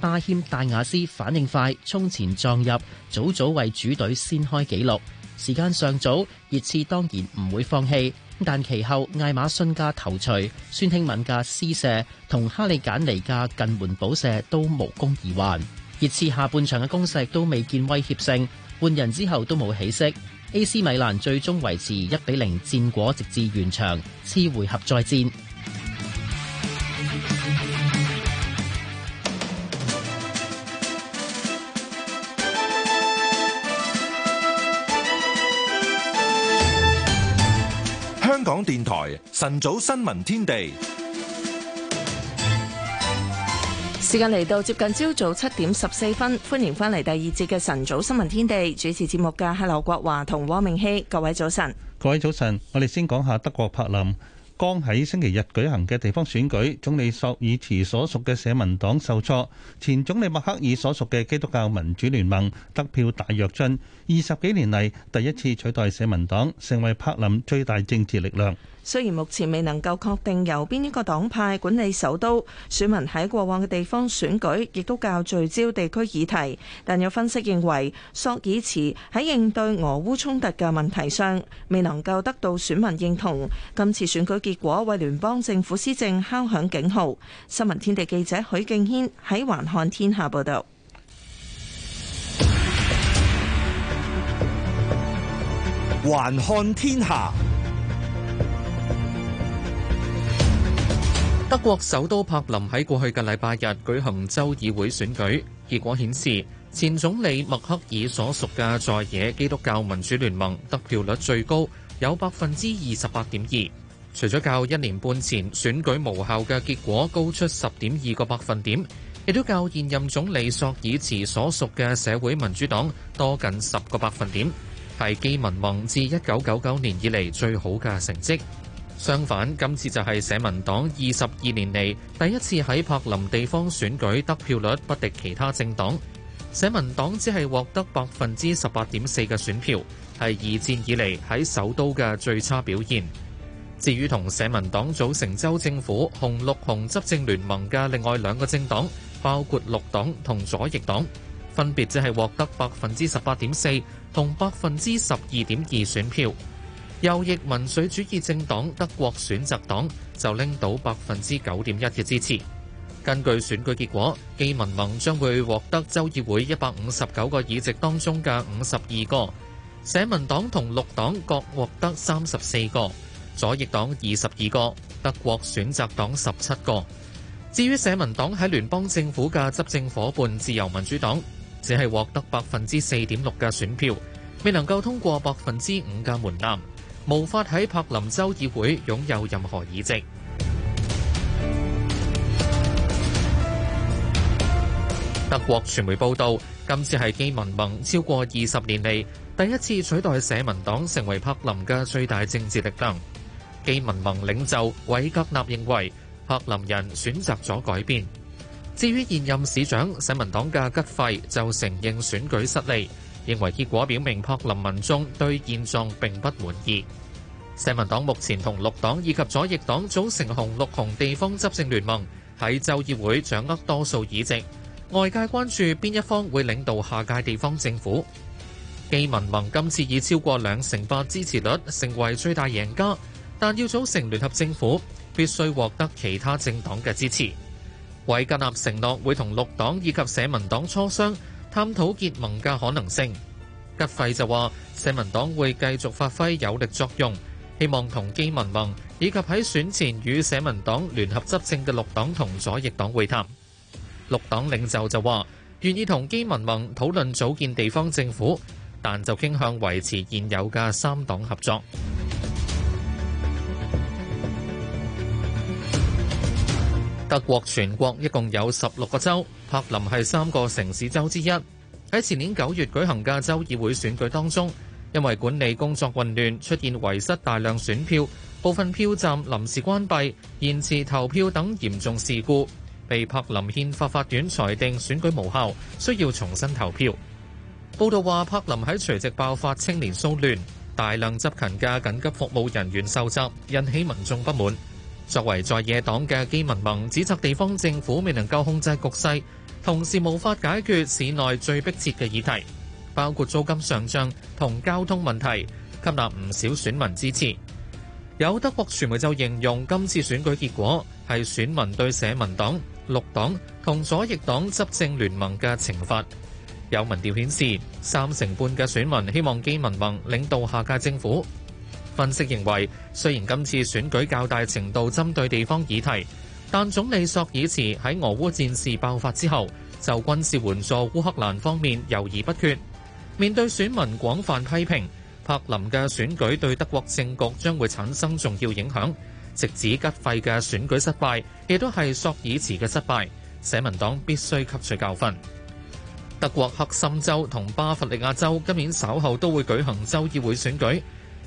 巴謙戴雅斯反應快，衝前撞入，早早為主隊先開紀錄。時間尚早，熱刺當然唔會放棄。但其後艾馬遜加頭槌、孫興敏加施射同哈利簡尼加近門補射都無功而還。熱刺下半場嘅攻勢都未見威脅性，換人之後都冇起色。A.C. 米蘭最終維持一比零戰果，直至完場。次回合再戰。香港電台晨早新聞天地，時間嚟到接近朝早七點十四分，歡迎翻嚟第二節嘅晨早新聞天地，主持節目嘅係劉國華同汪明熙。各位早晨，各位早晨，我哋先講下德國柏林。剛喺星期日舉行嘅地方選舉，總理索爾茨所屬嘅社民黨受挫。前總理默克爾所屬嘅基督教民主聯盟得票大躍進，二十幾年嚟第一次取代社民黨，成為柏林最大政治力量。雖然目前未能夠確定由邊一個黨派管理首都，選民喺過往嘅地方選舉亦都較聚焦地區議題，但有分析認為，索爾茨喺應對俄烏衝突嘅問題上未能夠得到選民認同，今次選舉結果為聯邦政府施政敲響警號。新聞天地記者許敬軒喺環看天下報道。環看天下。德國首都柏林喺過去嘅禮拜日舉行州議會選舉，結果顯示前總理默克爾所屬嘅在野基督教民主聯盟得票率最高，有百分之二十八點二，除咗較一年半前選舉無效嘅結果高出十點二個百分點，亦都較現任總理朔爾茨所屬嘅社會民主黨多近十個百分點，係基民盟自一九九九年以嚟最好嘅成績。相反，今次就係社民黨二十二年嚟第一次喺柏林地方選舉得票率不敵其他政黨。社民黨只係獲得百分之十八點四嘅選票，係二戰以嚟喺首都嘅最差表現。至於同社民黨組成州政府紅綠紅執政聯盟嘅另外兩個政黨，包括綠黨同左翼黨，分別只係獲得百分之十八點四同百分之十二點二選票。右翼民粹主義政黨德國選擇黨就拎到百分之九點一嘅支持。根據選舉結果，基民盟將會獲得州議會一百五十九個議席當中嘅五十二個，社民黨同綠黨各獲得三十四個，左翼黨二十二個，德國選擇黨十七個。至於社民黨喺聯邦政府嘅執政伙伴自由民主黨，只係獲得百分之四點六嘅選票，未能夠通過百分之五嘅門檻。無法喺柏林州議會擁有任何議席。德國傳媒報道，今次係基民盟超過二十年嚟第一次取代社民黨成為柏林嘅最大政治力量。基民盟領袖韋格納認為，柏林人選擇咗改變。至於現任市長社民黨嘅吉費就承認選舉失利。認為結果表明柏林民眾對現狀並不滿意。社民黨目前同綠黨以及左翼黨組成紅綠紅地方執政聯盟，喺州議會掌握多數議席。外界關注邊一方會領導下屆地方政府。基民盟今次以超過兩成八支持率成為最大贏家，但要組成聯合政府必須獲得其他政黨嘅支持。維格納承諾會同綠黨以及社民黨磋商。探討結盟嘅可能性，吉費就話社民黨會繼續發揮有力作用，希望同基民盟以及喺選前與社民黨聯合執政嘅綠黨同左翼黨會談。綠黨領袖就話願意同基民盟討論組建地方政府，但就傾向維持現有嘅三黨合作。德國全國一共有十六個州，柏林係三個城市州之一。喺前年九月舉行嘅州議會選舉當中，因為管理工作混亂，出現遺失大量選票、部分票站臨時關閉、延遲投票等嚴重事故，被柏林憲法法院裁定選舉無效，需要重新投票。報道話，柏林喺隨即爆發青年騷亂，大量執勤嘅緊急服務人員受襲，引起民眾不滿。作為在野黨嘅基民盟指責地方政府未能夠控制局勢，同時無法解決市內最迫切嘅議題，包括租金上漲同交通問題，吸納唔少選民支持。有德國傳媒就形容今次選舉結果係選民對社民黨、綠黨同左翼黨執政聯盟嘅懲罰。有民調顯示，三成半嘅選民希望基民盟領導下屆政府。分析認為，雖然今次選舉較大程度針對地方議題，但總理索爾茨喺俄烏戰事爆發之後，就軍事援助烏克蘭方面猶豫不決。面對選民廣泛批評，柏林嘅選舉對德國政局將會產生重要影響。直指吉費嘅選舉失敗，亦都係索爾茨嘅失敗。社民黨必須吸取教訓。德國黑森州同巴伐利亞州今年稍後都會舉行州議會選舉。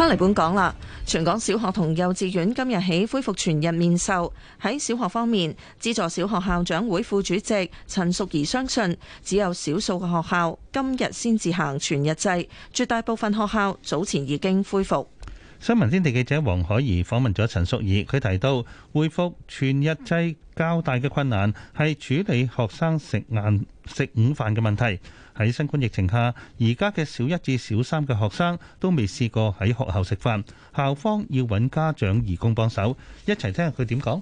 返嚟本港啦！全港小學同幼稚園今日起恢復全日面授。喺小學方面，資助小學校長會副主席陳淑儀相信，只有少數嘅學校今日先至行全日制，絕大部分學校早前已經恢復。新聞天地記者黃海怡訪問咗陳淑儀，佢提到恢復全日制較大嘅困難係處理學生食晏食午飯嘅問題。喺新冠疫情下，而家嘅小一至小三嘅學生都未試過喺學校食飯，校方要揾家長義工幫手，一齊聽下佢點講。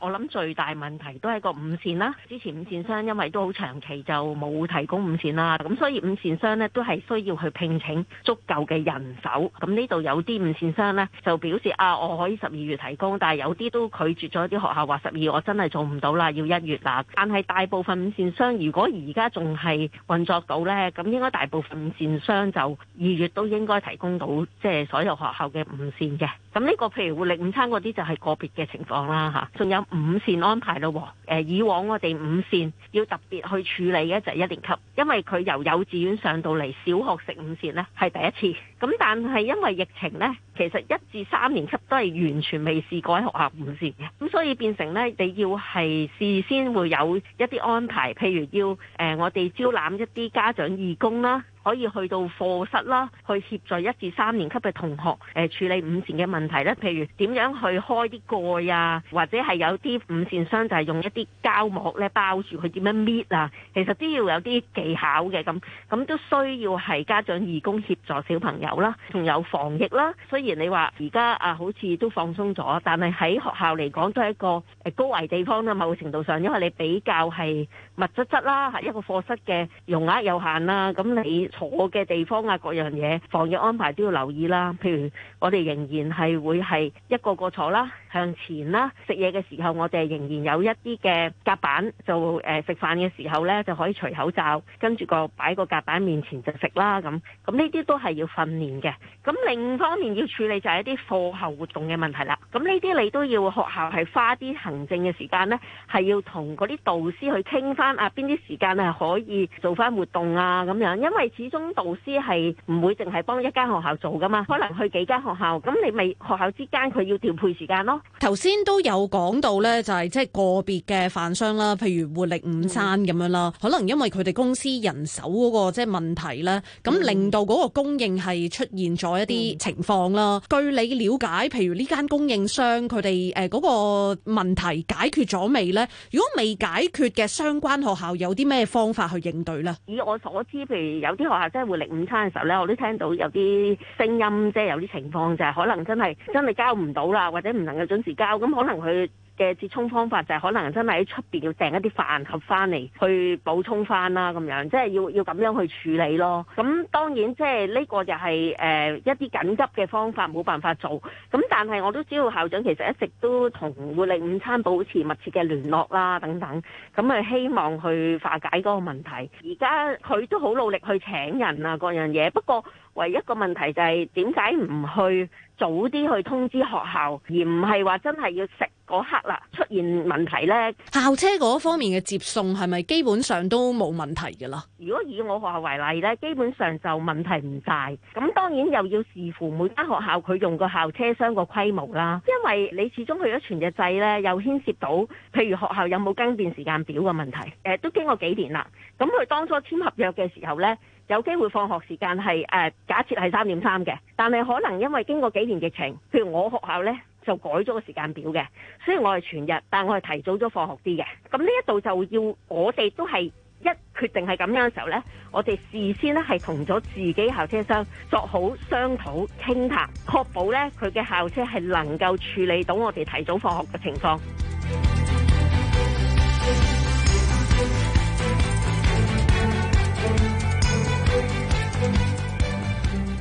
我諗最大問題都係個五線啦。之前五線商因為都好長期就冇提供五線啦，咁所以五線商呢都係需要去聘請足夠嘅人手。咁呢度有啲五線商呢就表示啊，我可以十二月提供，但係有啲都拒絕咗啲學校話，十二月我真係做唔到啦，要一月啦。但係大部分五線商如果而家仲係運作到呢，咁應該大部分五線商就二月都應該提供到即係、就是、所有學校嘅五線嘅。咁呢、這個譬如活力午餐嗰啲就係、是、個別嘅情況啦嚇。仲有。午膳安排咯，誒、呃、以往我哋午膳要特別去處理嘅就係一年級，因為佢由幼稚園上到嚟小學食午膳呢係第一次，咁但係因為疫情呢，其實一至三年級都係完全未試過喺學校午膳嘅，咁所以變成呢，你要係事先會有一啲安排，譬如要誒、呃、我哋招攬一啲家長義工啦。可以去到課室啦，去協助一至三年級嘅同學誒、呃、處理午膳嘅問題咧。譬如點樣去開啲蓋啊，或者係有啲午膳箱，就係用一啲膠膜咧包住佢點樣搣啊。其實都要有啲技巧嘅咁，咁都需要係家長義工協助小朋友啦，仲有防疫啦。雖然你話而家啊好似都放鬆咗，但係喺學校嚟講都係一個誒高危地方啦。某程度上，因為你比較係密質質啦，係一個課室嘅容額有限啦，咁你。坐嘅地方啊，各樣嘢，防疫安排都要留意啦。譬如我哋仍然係會係一個個坐啦。向前啦！食嘢嘅時候，我哋仍然有一啲嘅夾板，就誒食、呃、飯嘅時候呢，就可以除口罩，跟住個擺個夾板面前就食啦咁。咁呢啲都係要訓練嘅。咁另一方面要處理就係一啲課後活動嘅問題啦。咁呢啲你都要學校係花啲行政嘅時間呢，係要同嗰啲導師去傾翻啊，邊啲時間係可以做翻活動啊咁樣。因為始終導師係唔會淨係幫一間學校做㗎嘛，可能去幾間學校，咁你咪學校之間佢要調配時間咯。頭先都有講到呢，就係即係個別嘅飯商啦，譬如活力午餐咁樣啦，可能因為佢哋公司人手嗰個即係問題呢，咁令到嗰個供應係出現咗一啲情況啦。據你了解，譬如呢間供應商佢哋誒嗰個問題解決咗未呢？如果未解決嘅，相關學校有啲咩方法去應對呢？以我所知，譬如有啲學校即係活力午餐嘅時候呢，我都聽到有啲聲音，即係有啲情況就係可能真係真係交唔到啦，或者唔能夠。準時交咁，可能佢嘅折衷方法就係可能真係喺出邊要訂一啲飯盒翻嚟去補充翻啦，咁樣即係要要咁樣去處理咯。咁當然即係呢個就係、是、誒、呃、一啲緊急嘅方法，冇辦法做。咁但係我都知道校長其實一直都同活力午餐保持密切嘅聯絡啦，等等。咁啊，希望去化解嗰個問題。而家佢都好努力去請人啊，各樣嘢。不過唯一個問題就係點解唔去？早啲去通知學校，而唔係話真係要食嗰刻啦出現問題咧。校車嗰方面嘅接送係咪基本上都冇問題噶啦？如果以我學校為例咧，基本上就問題唔大。咁當然又要視乎每間學校佢用個校車商個規模啦。因為你始終去咗全日制咧，又牽涉到譬如學校有冇更變時間表嘅問題誒、呃、都經過幾年啦。咁佢當初簽合約嘅時候咧。有機會放學時間係誒，假設係三點三嘅，但係可能因為經過幾年疫情，譬如我學校呢，就改咗個時間表嘅，雖然我係全日，但我係提早咗放學啲嘅。咁呢一度就要我哋都係一決定係咁樣嘅時候呢，我哋事先咧係同咗自己校車商作好商討、傾談，確保呢佢嘅校車係能夠處理到我哋提早放學嘅情況。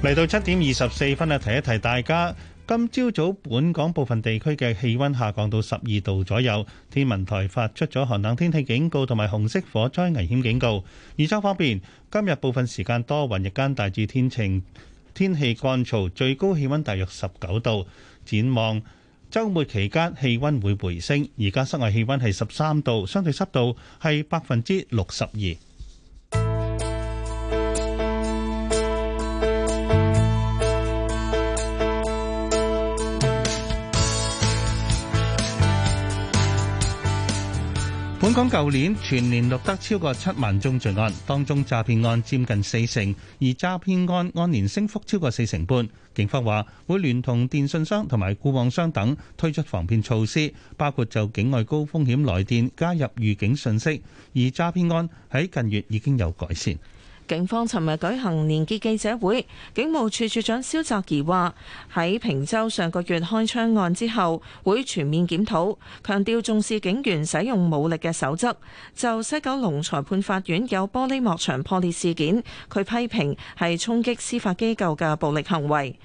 嚟到七點二十四分啊，提一提大家，今朝早，早本港部分地區嘅氣溫下降到十二度左右，天文台發出咗寒冷天氣警告同埋紅色火災危險警告。預測方面，今日部分時間多雲，日間大致天晴，天氣乾燥，最高氣溫大約十九度。展望周末期間氣溫會回升，而家室外氣溫係十三度，相對濕度係百分之六十二。香港舊年全年錄得超過七萬宗罪案，當中詐騙案佔近四成，而詐騙案按年升幅超過四成半。警方話會聯同電訊商同埋固網商等推出防騙措施，包括就境外高風險來電加入預警信息，而詐騙案喺近月已經有改善。警方尋日舉行年結記者會，警務處處長蕭澤頤話：喺平洲上個月開槍案之後，會全面檢討，強調重視警員使用武力嘅守則。就西九龍裁判法院有玻璃幕牆破裂事件，佢批評係衝擊司法機構嘅暴力行為。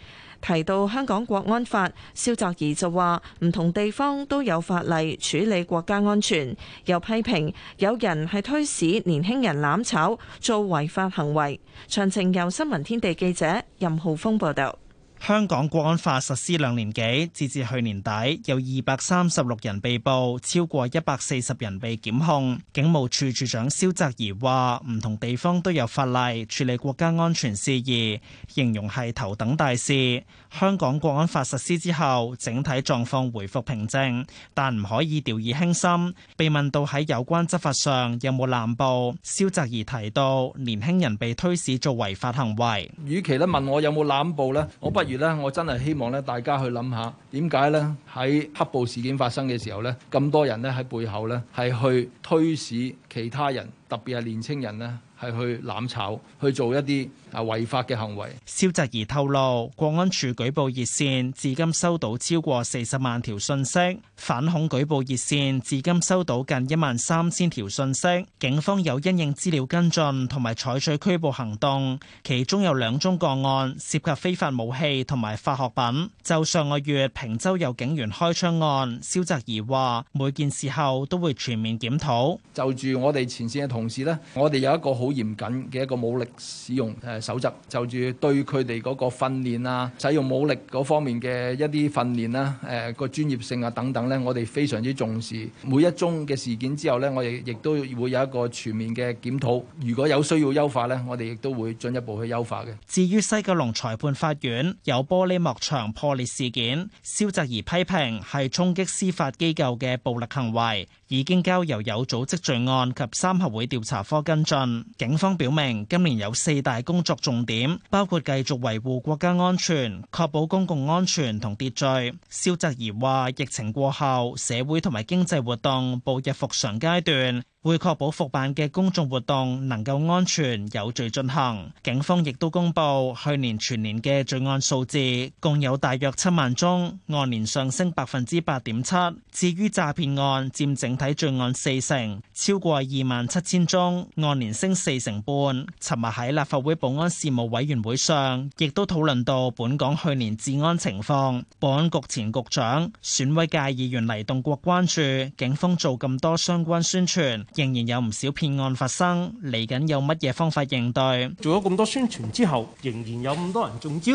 提到香港國安法，蕭澤頤就話唔同地方都有法例處理國家安全，又批評有人係推使年輕人攬炒做違法行為。詳情由新聞天地記者任浩峰報道。香港國安法實施兩年幾，截至去年底有二百三十六人被捕，超過一百四十人被檢控。警務處處長蕭澤頤話，唔同地方都有法例處理國家安全事宜，形容係頭等大事。香港國安法實施之後，整體狀況回復平靜，但唔可以掉以輕心。被問到喺有關執法上有冇濫捕，蕭澤怡提到年輕人被推使做違法行為。與其咧問我有冇濫捕呢？我不如呢，我真係希望咧大家去諗下點解呢。喺黑暴事件發生嘅時候呢，咁多人咧喺背後呢，係去推使其他人，特別係年青人呢。係去攬炒，去做一啲啊違法嘅行為。蕭澤頤透露，國安處舉報熱線至今收到超過四十萬條信息，反恐舉報熱線至今收到近一萬三千條信息。警方有因應資料跟進同埋採取拘捕行動，其中有兩宗個案涉及非法武器同埋化學品。就上個月坪洲有警員開槍案，蕭澤頤話每件事後都會全面檢討。就住我哋前線嘅同事咧，我哋有一個好好嚴謹嘅一個武力使用誒守則，就住對佢哋嗰個訓練啊、使用武力嗰方面嘅一啲訓練啦、誒個專業性啊等等咧，我哋非常之重視。每一宗嘅事件之後咧，我哋亦都會有一個全面嘅檢討。如果有需要優化咧，我哋亦都會進一步去優化嘅。至於西九龍裁判法院有玻璃幕牆破裂事件，蕭澤頤批評係衝擊司法機構嘅暴力行為。已經交由有組織罪案及三合會調查科跟進。警方表明，今年有四大工作重點，包括繼續維護國家安全、確保公共安全同秩序。蕭澤頤話：疫情過後，社會同埋經濟活動步入復常階段。會確保復辦嘅公眾活動能夠安全有序進行。警方亦都公布去年全年嘅罪案數字，共有大約七萬宗，按年上升百分之八點七。至於詐騙案佔整體罪案四成，超過二萬七千宗，按年升四成半。尋日喺立法會保安事務委員會上，亦都討論到本港去年治安情況。保安局前局長、選委界議員黎棟國關注警方做咁多相關宣傳，仍然有唔少騙案發生，嚟緊有乜嘢方法應對？做咗咁多宣傳之後，仍然有咁多人中招，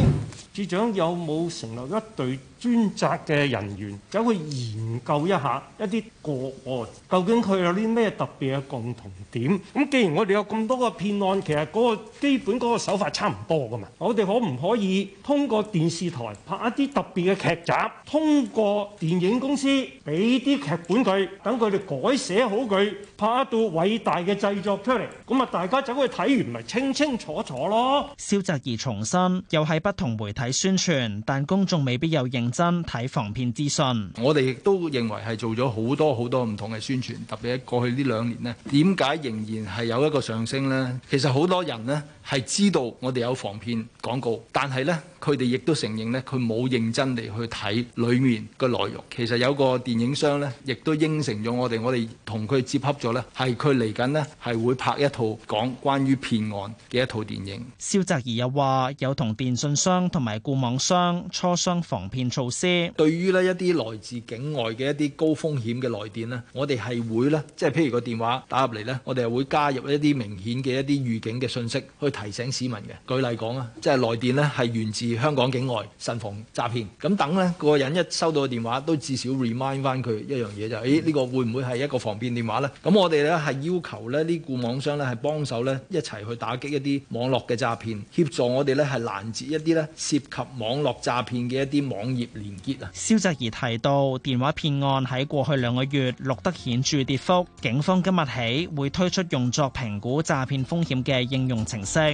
署長有冇成立一隊？專責嘅人員走去研究一下一啲個案，究竟佢有啲咩特別嘅共同點？咁既然我哋有咁多個騙案，其實嗰個基本嗰個手法差唔多㗎嘛。我哋可唔可以通過電視台拍一啲特別嘅劇集，通過電影公司俾啲劇本佢，等佢哋改寫好佢，拍一套偉大嘅製作出嚟？咁啊，大家走去睇完咪清清楚楚咯。蕭澤怡重申，又喺不同媒體宣傳，但公眾未必有認。真睇防騙資訊，我哋亦都認為係做咗好多好多唔同嘅宣傳，特別喺過去呢兩年呢，點解仍然係有一個上升呢？其實好多人呢。係知道我哋有防騙廣告，但係呢，佢哋亦都承認呢，佢冇認真地去睇裡面嘅內容。其實有個電影商呢，亦都應承咗我哋，我哋同佢接洽咗呢，係佢嚟緊呢，係會拍一套講關於騙案嘅一套電影。蕭澤頤又話：有同電信商同埋固網商磋商防騙措施，對於呢一啲來自境外嘅一啲高風險嘅來電呢，我哋係會呢，即係譬如個電話打入嚟呢，我哋係會加入一啲明顯嘅一啲預警嘅信息去。提醒市民嘅，舉例講啊，即係來電咧係源自香港境外，慎防詐騙，咁等咧，個人一收到電話都至少 remind 翻佢一樣嘢就誒呢、哎這個會唔會係一個防騙電話咧？咁我哋咧係要求咧呢個網商咧係幫手咧一齊去打擊一啲網絡嘅詐騙，協助我哋咧係攔截一啲咧涉及網絡詐騙嘅一啲網頁連結啊。蕭澤怡提到，電話騙案喺過去兩個月錄得顯著跌幅，警方今日起會推出用作評估詐騙風險嘅應用程式。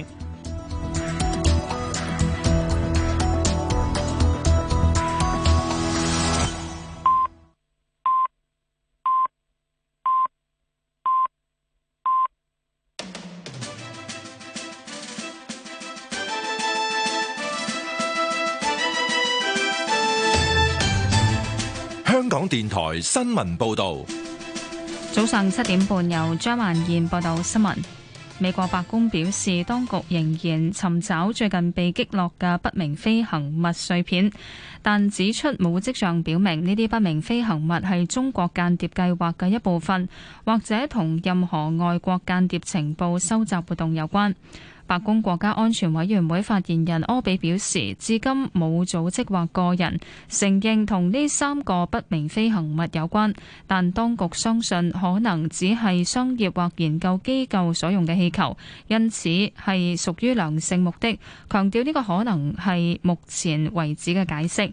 香港電台新聞報道，早上七點半由張曼燕報道新聞。美國白宮表示，當局仍然尋找最近被擊落嘅不明飛行物碎片，但指出冇跡象表明呢啲不明飛行物係中國間諜計劃嘅一部分，或者同任何外國間諜情報收集活動有關。白宮國家安全委員會發言人柯比表示，至今冇組織或個人承認同呢三個不明飛行物有關，但當局相信可能只係商業或研究機構所用嘅氣球，因此係屬於良性目的。強調呢個可能係目前為止嘅解釋。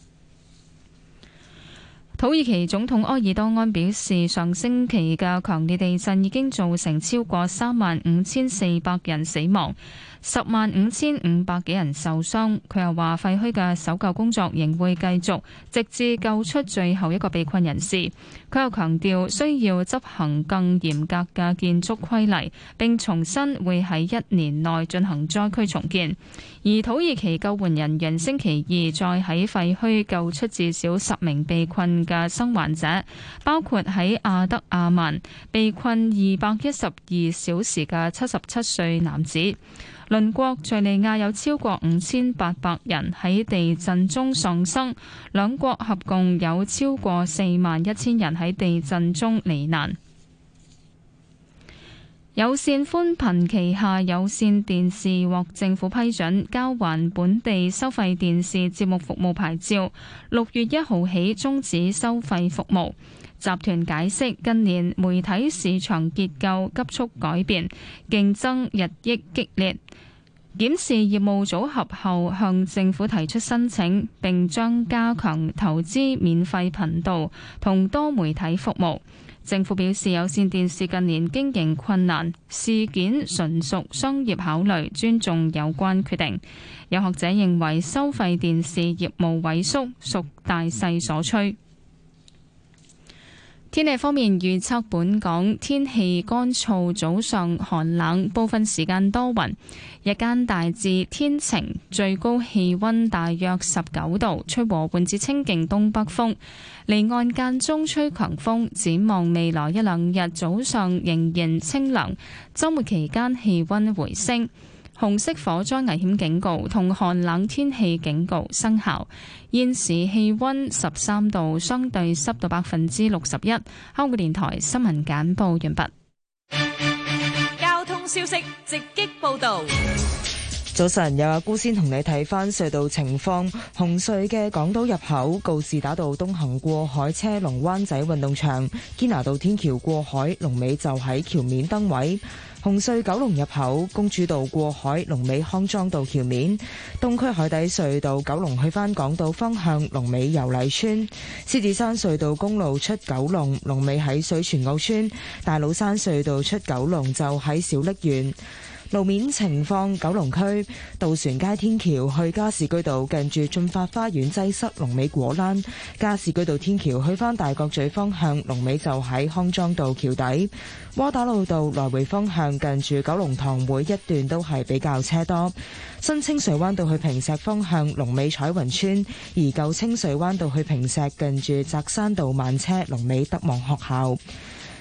土耳其總統埃爾多安表示，上星期嘅強烈地震已經造成超過三萬五千四百人死亡。十萬五千五百幾人受傷，佢又話廢墟嘅搜救工作仍會繼續，直至救出最後一個被困人士。佢又強調需要執行更嚴格嘅建築規例，並重申會喺一年內進行災區重建。而土耳其救援人員星期二再喺廢墟救出至少十名被困嘅生還者，包括喺阿德阿曼被困二百一十二小時嘅七十七歲男子。鄰國敍利亞有超過五千八百人喺地震中喪生，兩國合共有超過四萬一千人喺地震中罹難。有線寬頻旗下有線電視獲政府批准交還本地收費電視節目服務牌照，六月一號起終止收費服務。集團解釋，近年媒體市場結構急速改變，競爭日益激烈。檢視業務組合後，向政府提出申請，並將加強投資免費頻道同多媒體服務。政府表示，有線電視近年經營困難，事件純屬商業考慮，尊重有關決定。有學者認為，收費電視業務萎縮屬大勢所趨。天氣方面預測，本港天氣乾燥，早上寒冷，部分時間多雲，日間大致天晴，最高氣溫大約十九度，吹和緩至清勁東北風，離岸間中吹強風。展望未來一兩日早上仍然清涼，周末期間氣溫回升。紅色火災危險警告同寒冷天氣警告生效。現時氣溫十三度，相對濕度百分之六十一。香港電台新聞簡報完畢。交通消息直擊報道。早晨，有阿姑先同你睇返隧道情況。紅隧嘅港島入口告士打道東行過海車龍，灣仔運動場、堅拿道天橋過海龍尾就喺橋面燈位。紅隧九龍入口，公主道過海，龍尾康莊道橋面；東區海底隧道九龍去返港島方向，龍尾油麗村；獅子山隧道公路出九龍，龍尾喺水泉澳村；大老山隧道出九龍就喺小瀝源。路面情況：九龍區渡船街天橋去加士居道，近住駿發花園擠塞；龍尾果欄，加士居道天橋去返大角咀方向，龍尾就喺康莊道橋底。窩打老道來回方向，近住九龍塘會一段都係比較車多。新清水灣道去坪石方向，龍尾彩雲村；而舊清水灣道去坪石，近住扎山道慢車，龍尾德望學校。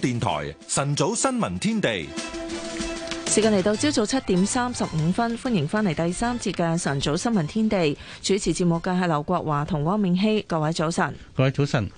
電台晨早新聞天地，時間嚟到朝早七點三十五分，歡迎翻嚟第三節嘅晨早新聞天地。主持節目嘅係劉國華同汪明熙，各位早晨，各位早晨。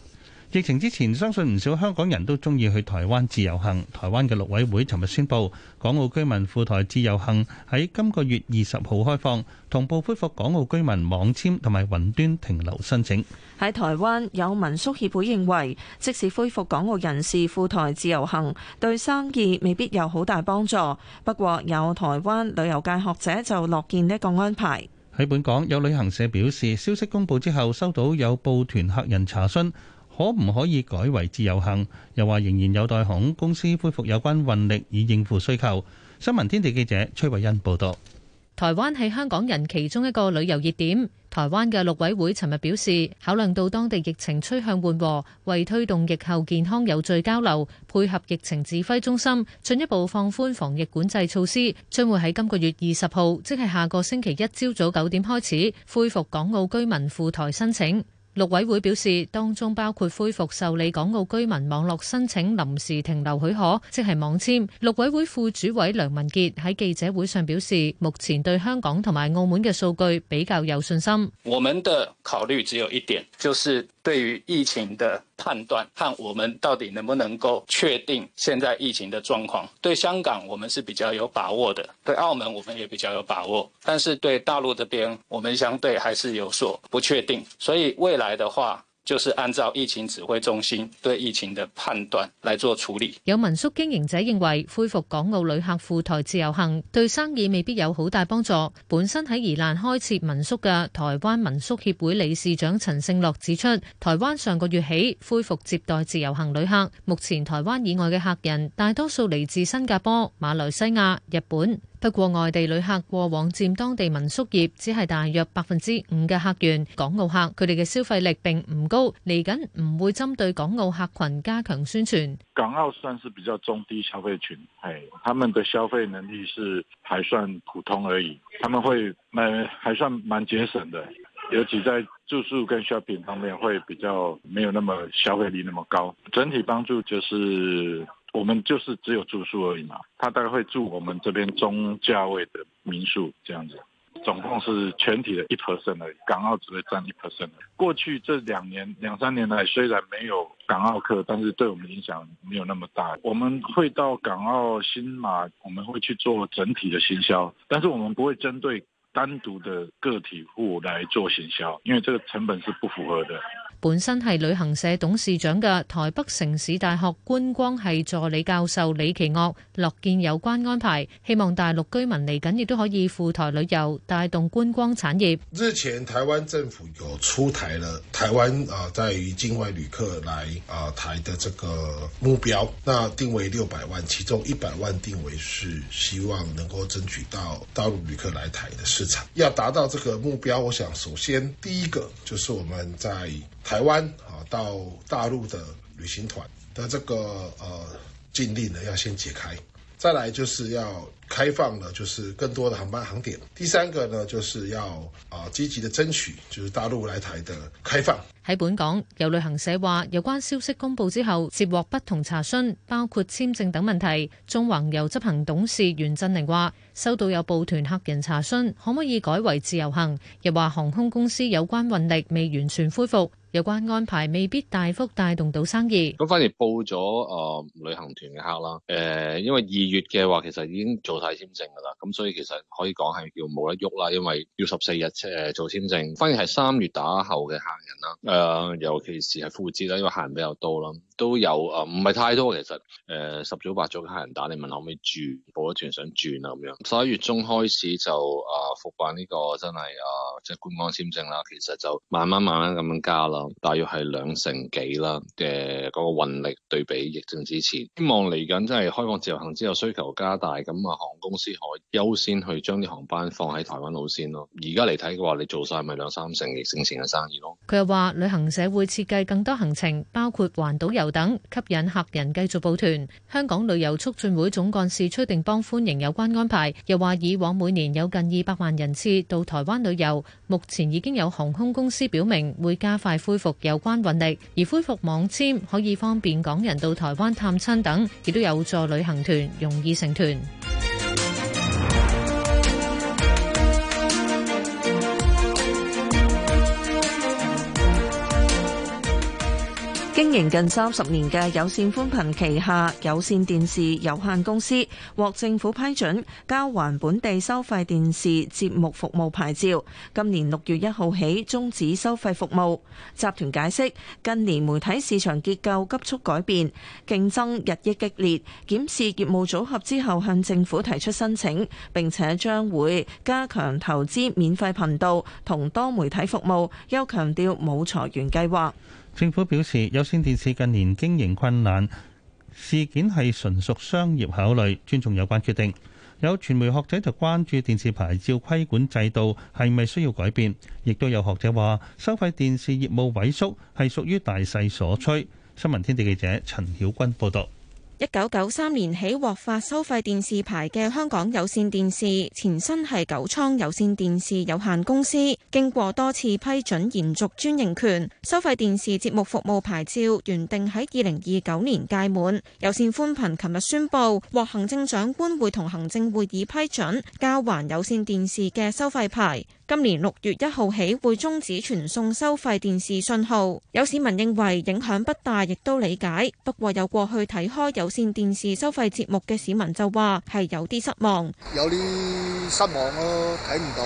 疫情之前，相信唔少香港人都中意去台灣自由行。台灣嘅陸委會尋日宣布，港澳居民赴台自由行喺今個月二十號開放，同步恢復港澳居民網簽同埋雲端停留申請。喺台灣有民宿協會認為即使恢復港澳人士赴台自由行，對生意未必有好大幫助。不過有台灣旅遊界學者就樂見呢個安排。喺本港有旅行社表示，消息公布之後收到有報團客人查詢。可唔可以改為自由行？又話仍然有待航空公司恢復有關運力以應付需求。新聞天地記者崔慧欣報道。台灣係香港人其中一個旅遊熱點。台灣嘅陸委會尋日表示，考量到當地疫情趨向緩和，為推動疫後健康有序交流，配合疫情指揮中心進一步放寬防疫管制措施，將會喺今個月二十號，即係下個星期一朝早九點開始，恢復港澳居民赴台申請。陸委會表示，當中包括恢復受理港澳居民網絡申請臨時停留許可，即係網簽。陸委會副主委梁文傑喺記者會上表示，目前對香港同埋澳門嘅數據比較有信心。我們的考慮只有一點，就是對於疫情的。判斷，看我們到底能不能夠確定現在疫情的狀況。對香港，我們是比較有把握的；對澳門，我們也比較有把握。但是對大陸這邊，我們相對還是有所不確定。所以未來的話。就是按照疫情指揮中心對疫情的判斷來做處理。有民宿經營者認為，恢復港澳旅客赴台自由行對生意未必有好大幫助。本身喺宜蘭開設民宿嘅台灣民宿協會理事長陳勝樂指出，台灣上個月起恢復接待自由行旅客，目前台灣以外嘅客人大多數嚟自新加坡、馬來西亞、日本。不過，外地旅客過往佔當地民宿業只係大約百分之五嘅客源，港澳客佢哋嘅消費力並唔高，嚟緊唔會針對港澳客群加強宣傳。港澳算是比較中低消費群，係他們嘅消費能力是還算普通而已，他們會滿還算蠻節省的，尤其在住宿跟 shopping 方面會比較沒有那麼消費力那麼高，整體幫助就是。我們就是只有住宿而已嘛，他大概會住我們這邊中價位的民宿，這樣子，總共是全體的一 percent 而已，港澳只會佔一 percent 而已。過去這兩年、兩三年來，雖然沒有港澳客，但是對我們影響沒有那麼大。我們會到港澳新馬，我們會去做整體的行銷，但是我們不會針對單獨的個體戶來做行銷，因為這個成本是不符合的。本身係旅行社董事長嘅台北城市大學觀光系助理教授李奇岳樂見有關安排，希望大陸居民嚟緊亦都可以赴台旅遊，帶動觀光產業。日前台灣政府有出台了台灣啊，在於境外旅客來啊台的這個目標，那定位六百萬，其中一百萬定位是，希望能夠爭取到大陸旅客來台的市場。要達到這個目標，我想首先第一個就是我們在。台灣啊到大陸的旅行團的這個呃禁令，呢要先解開，再來就是要開放呢，就是更多的航班航點。第三個呢就是要啊積極的爭取，就是大陸來台的開放。喺本港有旅行社話，有關消息公布之後，接獲不同查詢，包括簽證等問題。縱橫遊執行董事袁振寧話，收到有報團客人查詢，可唔可以改為自由行，又話航空公司有關運力未完全恢復。有關安排未必大幅帶動到生意，咁反而報咗誒、呃、旅行團嘅客啦。誒、呃，因為二月嘅話其實已經做晒簽證噶啦，咁所以其實可以講係叫冇得喐啦，因為要十四日即係做簽證，反而係三月打後嘅客人啦。誒、呃，尤其是係富資啦，因為客人比較多啦，都有誒唔係太多，其實誒、呃、十組八組嘅客人打嚟問可唔可以住，報咗團想轉啊咁樣。十一月中開始就誒復、呃、辦呢個真係誒即係觀光簽證啦，其實就慢慢慢慢咁樣加啦。大約係兩成幾啦嘅嗰個運力對比疫情之前，希望嚟緊即係開放自由行之後需求加大，咁啊航空公司可優先去將啲航班放喺台灣路線咯。而家嚟睇嘅話，你做晒咪兩三成成成嘅生意咯。佢又話，旅行社會設計更多行程，包括環島遊等，吸引客人繼續報團。香港旅遊促進會總幹事崔定邦歡迎有關安排，又話以往每年有近二百萬人次到台灣旅遊，目前已經有航空公司表明會加快。恢復有關運力，而恢復網簽可以方便港人到台灣探親等，亦都有助旅行團容易成團。近三十年嘅有線寬頻旗下有線電視有限公司獲政府批准交還本地收費電視節目服務牌照，今年六月一號起終止收費服務。集團解釋近年媒體市場結構急速改變，競爭日益激烈，檢視業務組合之後向政府提出申請，並且將會加強投資免費頻道同多媒體服務，又強調冇裁員計劃。政府表示，有綫電視近年經營困難，事件係純屬商業考慮，尊重有關決定。有傳媒學者就關注電視牌照規管制度係咪需要改變，亦都有學者話收費電視業務萎縮係屬於大勢所趨，新聞天地記者陳曉君報道。一九九三年起獲發收費電視牌嘅香港有線電視前身係九倉有線電視有限公司，經過多次批准延續專營權，收費電視節目服務牌照原定喺二零二九年屆滿。有線寬頻琴日宣佈獲行政長官會同行政會議批准交還有線電視嘅收費牌。今年六月一號起會終止傳送收費電視信號，有市民認為影響不大，亦都理解。不過有過去睇開有線電視收費節目嘅市民就話係有啲失望，有啲失望咯，睇唔到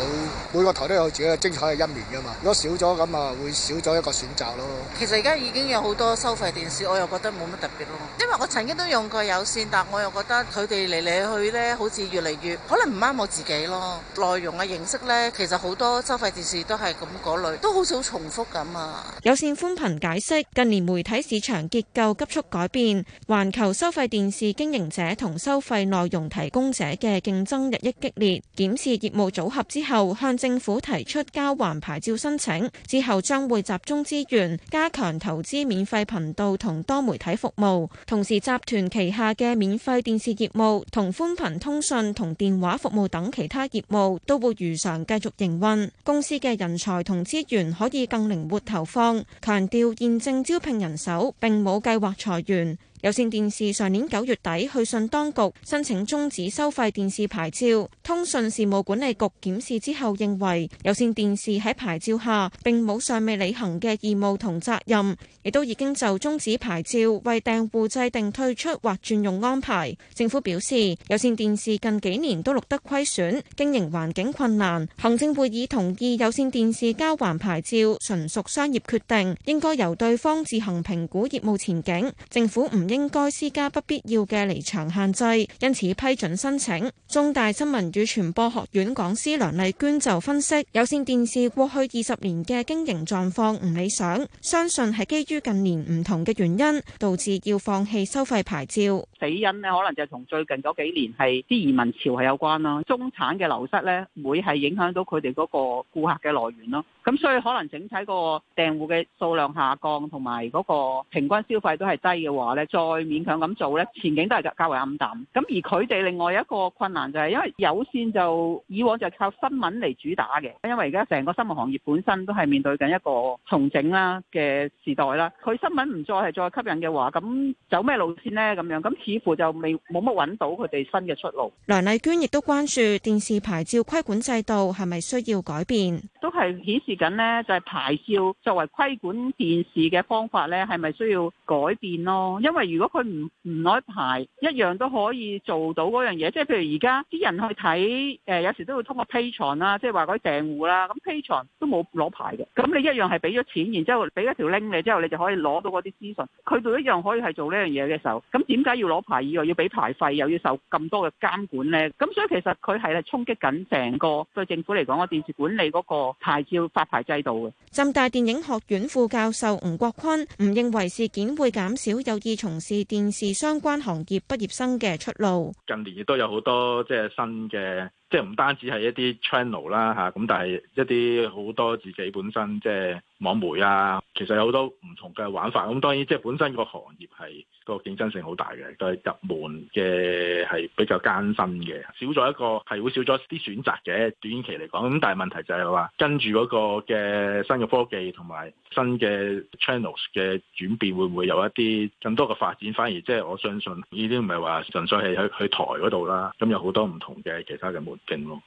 每個台都有自己嘅精彩嘅一面噶嘛，如果少咗咁啊，會少咗一個選擇咯。其實而家已經有好多收費電視，我又覺得冇乜特別咯，因為我曾經都用過有線，但我又覺得佢哋嚟嚟去去咧，好似越嚟越可能唔啱我自己咯。內容嘅形式咧，其實好。好多收費電視都係咁嗰類，都好少重複㗎嘛。有線寬頻解釋近年媒體市場結構急速改變，環球收費電視經營者同收費內容提供者嘅競爭日益激烈。檢視業務組合之後，向政府提出交還牌照申請，之後將會集中資源加強投資免費頻道同多媒體服務。同時，集團旗下嘅免費電視業務同寬頻通訊同電話服務等其他業務都會如常繼續營。公司嘅人才同資源可以更靈活投放，強調現正招聘人手，並冇計劃裁員。有線電視上年九月底去信當局申請終止收費電視牌照，通訊事務管理局檢視之後認為有線電視喺牌照下並冇尚未履行嘅義務同責任，亦都已經就終止牌照為訂戶制定退出或轉用安排。政府表示，有線電視近幾年都錄得虧損，經營環境困難。行政會議同意有線電視交還牌照純屬商業決定，應該由對方自行評估業務前景。政府唔。應該施加不必要嘅離場限制，因此批准申請。中大新聞與傳播學院講師梁麗娟就分析：有線電視過去二十年嘅經營狀況唔理想，相信係基於近年唔同嘅原因，導致要放棄收費牌照。死因咧，可能就同最近嗰幾年係啲移民潮係有關啦。中產嘅流失咧，會係影響到佢哋嗰個顧客嘅來源咯。咁所以可能整體個訂戶嘅數量下降，同埋嗰個平均消費都係低嘅話咧，再。再勉強咁做呢，前景都係較為暗淡。咁而佢哋另外一個困難就係，因為有線就以往就靠新聞嚟主打嘅，因為而家成個新聞行業本身都係面對緊一個重整啦嘅時代啦。佢新聞唔再係再吸引嘅話，咁走咩路線呢？咁樣咁似乎就未冇乜揾到佢哋新嘅出路。梁麗娟亦都關注電視牌照規管制度係咪需要改變？都係顯示緊呢就係牌照作為規管電視嘅方法呢，係咪需要改變咯？因為如果佢唔唔攞牌，一樣都可以做到嗰樣嘢，即係譬如而家啲人去睇，誒、呃、有時都會通過 Patreon 啦，即係話嗰啲訂戶啦，咁 Patreon 都冇攞牌嘅，咁你一樣係俾咗錢，然之後俾咗條 link 你，之後你就可以攞到嗰啲資訊，佢都一樣可以係做呢樣嘢嘅時候，咁點解要攞牌以外，以為要俾牌費，又要受咁多嘅監管呢？咁所以其實佢係咧衝擊緊成個對政府嚟講嘅電視管理嗰個牌照發牌制度嘅。浸大電影學院副教授吳國坤唔認為事件會減少有意從是電視相關行業畢業生嘅出路。近年亦都有好多即係新嘅。即係唔單止係一啲 channel 啦嚇，咁但係一啲好多自己本身即係網媒啊，其實有好多唔同嘅玩法。咁當然即係本身個行業係個競爭性好大嘅，但係入門嘅係比較艱辛嘅，少咗一個係會少咗啲選擇嘅短期嚟講。咁但係問題就係、是、話跟住嗰個嘅新嘅科技同埋新嘅 channels 嘅轉變，會唔會有一啲更多嘅發展？反而即係我相信呢啲唔係話純粹係去喺台嗰度啦。咁有好多唔同嘅其他嘅門。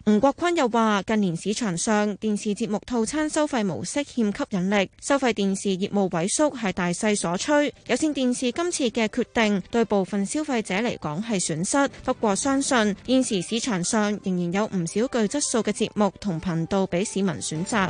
吳國坤又話：近年市場上電視節目套餐收費模式欠吸引力，收費電視業務萎縮係大勢所趨。有線電視今次嘅決定對部分消費者嚟講係損失，不過相信現時市場上仍然有唔少具質素嘅節目同頻道俾市民選擇。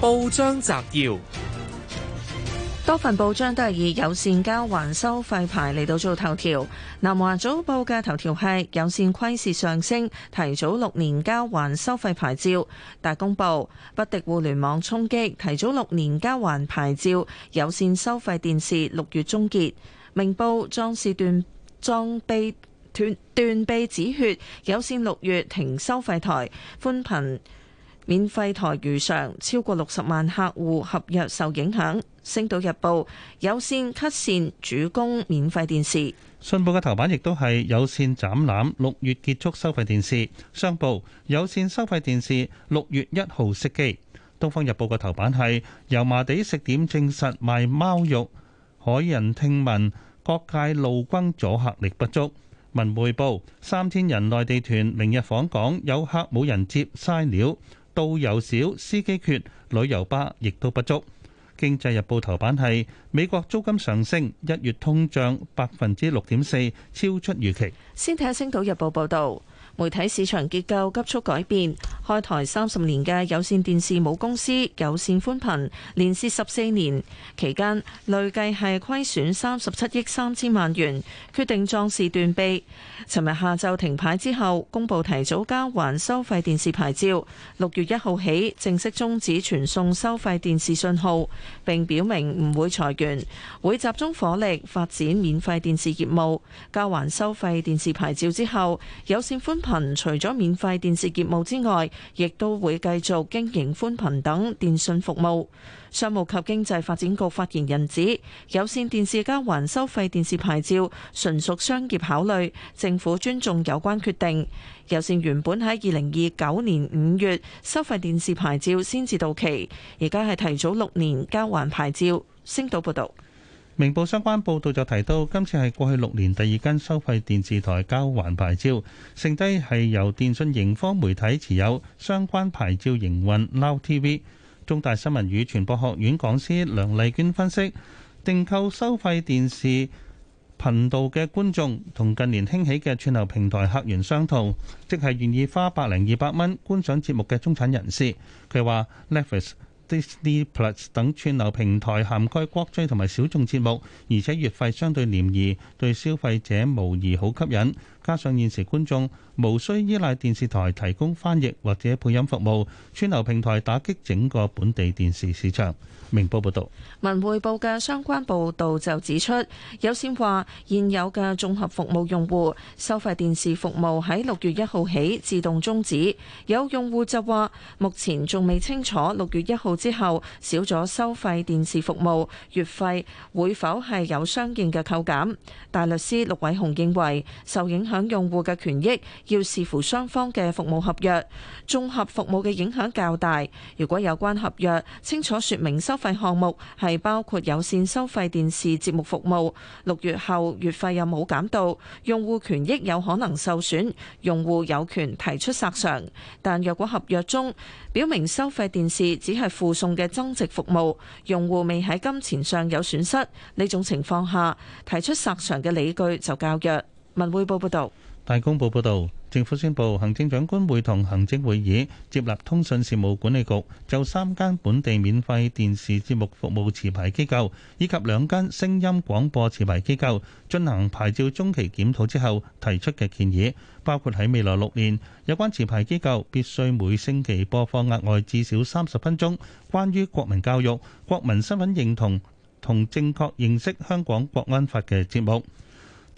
報章摘要：多份報章都係以有線交還收費牌，嚟到做頭條。南華早報嘅頭條係：有線虧蝕上升，提早六年交還收費牌照。大公報：不敵互聯網衝擊，提早六年交還牌照，有線收費電視六月終結。明報：壯士斷壯臂斷斷臂止血，有線六月停收費台。寬頻。免費台如常，超過六十萬客戶合約受影響。星島日報有線 cut 線主攻免費電視。信報嘅頭版亦都係有線斬纜，六月結束收費電視。商報有線收費電視六月一號熄機。東方日報嘅頭版係油麻地食店證實賣貓肉，駭人聽聞各界怒轟阻嚇力不足。文匯報三千人內地團明日訪港，有客冇人接嘥料。導遊少，司機缺，旅遊巴亦都不足。經濟日報頭版係美國租金上升，一月通脹百分之六點四，超出預期。先睇下星島日報報道。媒體市場結構急速改變，開台三十年嘅有線電視母公司有線寬頻，連蝕十四年，期間累計係虧損三十七億三千萬元，決定壯士斷臂。尋日下晝停牌之後，公布提早交還收費電視牌照，六月一號起正式終止傳送收費電視信號，並表明唔會裁員，會集中火力發展免費電視業務。交還收費電視牌照之後，有線寬頻。除咗免費電視業務之外，亦都會繼續經營寬頻等電訊服務。商務及經濟發展局發言人指，有線電視交還收費電視牌照純屬商業考慮，政府尊重有關決定。有線原本喺二零二九年五月收費電視牌照先至到期，而家係提早六年交還牌照。星島報道。明報相關報導就提到，今次係過去六年第二間收費電視台交還牌照，剩低係由電訊盈科媒體持有相關牌照營運 now TV。中大新聞與傳播學院講師梁麗娟分析，訂購收費電視頻道嘅觀眾同近年興起嘅串流平台客源相同，即係願意花百零二百蚊觀賞節目嘅中產人士。佢話：Disney Plus 等串流平台涵蓋國際同埋小眾節目，而且月費相對廉宜，對消費者無疑好吸引。加上現時觀眾無需依賴電視台提供翻譯或者配音服務，串流平台打擊整個本地電視市場。明報報導，文匯報嘅相關報導就指出，有線話現有嘅綜合服務用戶收費電視服務喺六月一號起自動終止。有用戶就話，目前仲未清楚六月一號之後少咗收費電視服務月費會否係有相應嘅扣減。大律師陸偉雄認為受影響。響用戶嘅權益要視乎雙方嘅服務合約，綜合服務嘅影響較大。如果有關合約清楚說明收費項目係包括有線收費電視節目服務，六月後月費又冇減到，用戶權益有可能受損，用戶有權提出索償。但若果合約中表明收費電視只係附送嘅增值服務，用戶未喺金錢上有損失，呢種情況下提出索償嘅理據就較弱。文匯報報道，大公報報道，政府宣佈，行政長官會同行政會議接納通訊事務管理局就三間本地免費電視節目服務持牌機構以及兩間聲音廣播持牌機構進行牌照中期檢討之後提出嘅建議，包括喺未來六年，有關持牌機構必須每星期播放額外至少三十分鐘關於國民教育、國民身份認同同正確認識香港國安法嘅節目。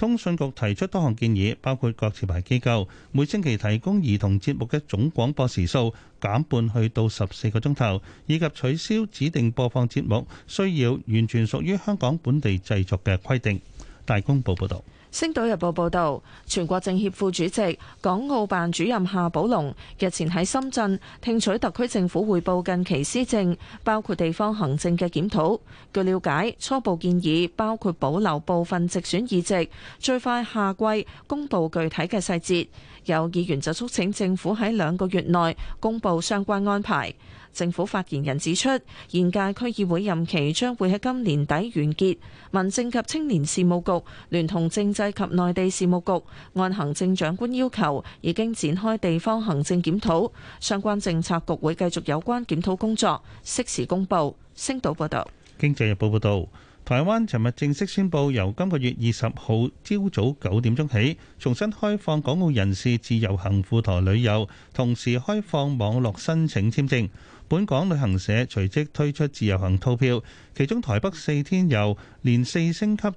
通訊局提出多項建議，包括各持牌機構每星期提供兒童節目嘅總廣播時數減半，去到十四個鐘頭，以及取消指定播放節目需要完全屬於香港本地製作嘅規定。大公報報道。星島日報報道，全國政協副主席、港澳辦主任夏寶龍日前喺深圳聽取特區政府匯報近期施政，包括地方行政嘅檢討。據了解，初步建議包括保留部分直選議席，最快下季公布具體嘅細節。有議員就促請政府喺兩個月內公布相關安排。政府發言人指出，現屆區議會任期將會喺今年底完結。民政及青年事務局聯同政制及內地事務局，按行政長官要求，已經展開地方行政檢討，相關政策局會繼續有關檢討工作，適時公佈。星島報道，《經濟日報》報導，台灣尋日正式宣布，由今個月二十號朝早九點鐘起，重新開放港澳人士自由行赴台旅遊，同時開放網絡申請簽證。本港旅行社隨即推出自由行套票，其中台北四天遊連四星級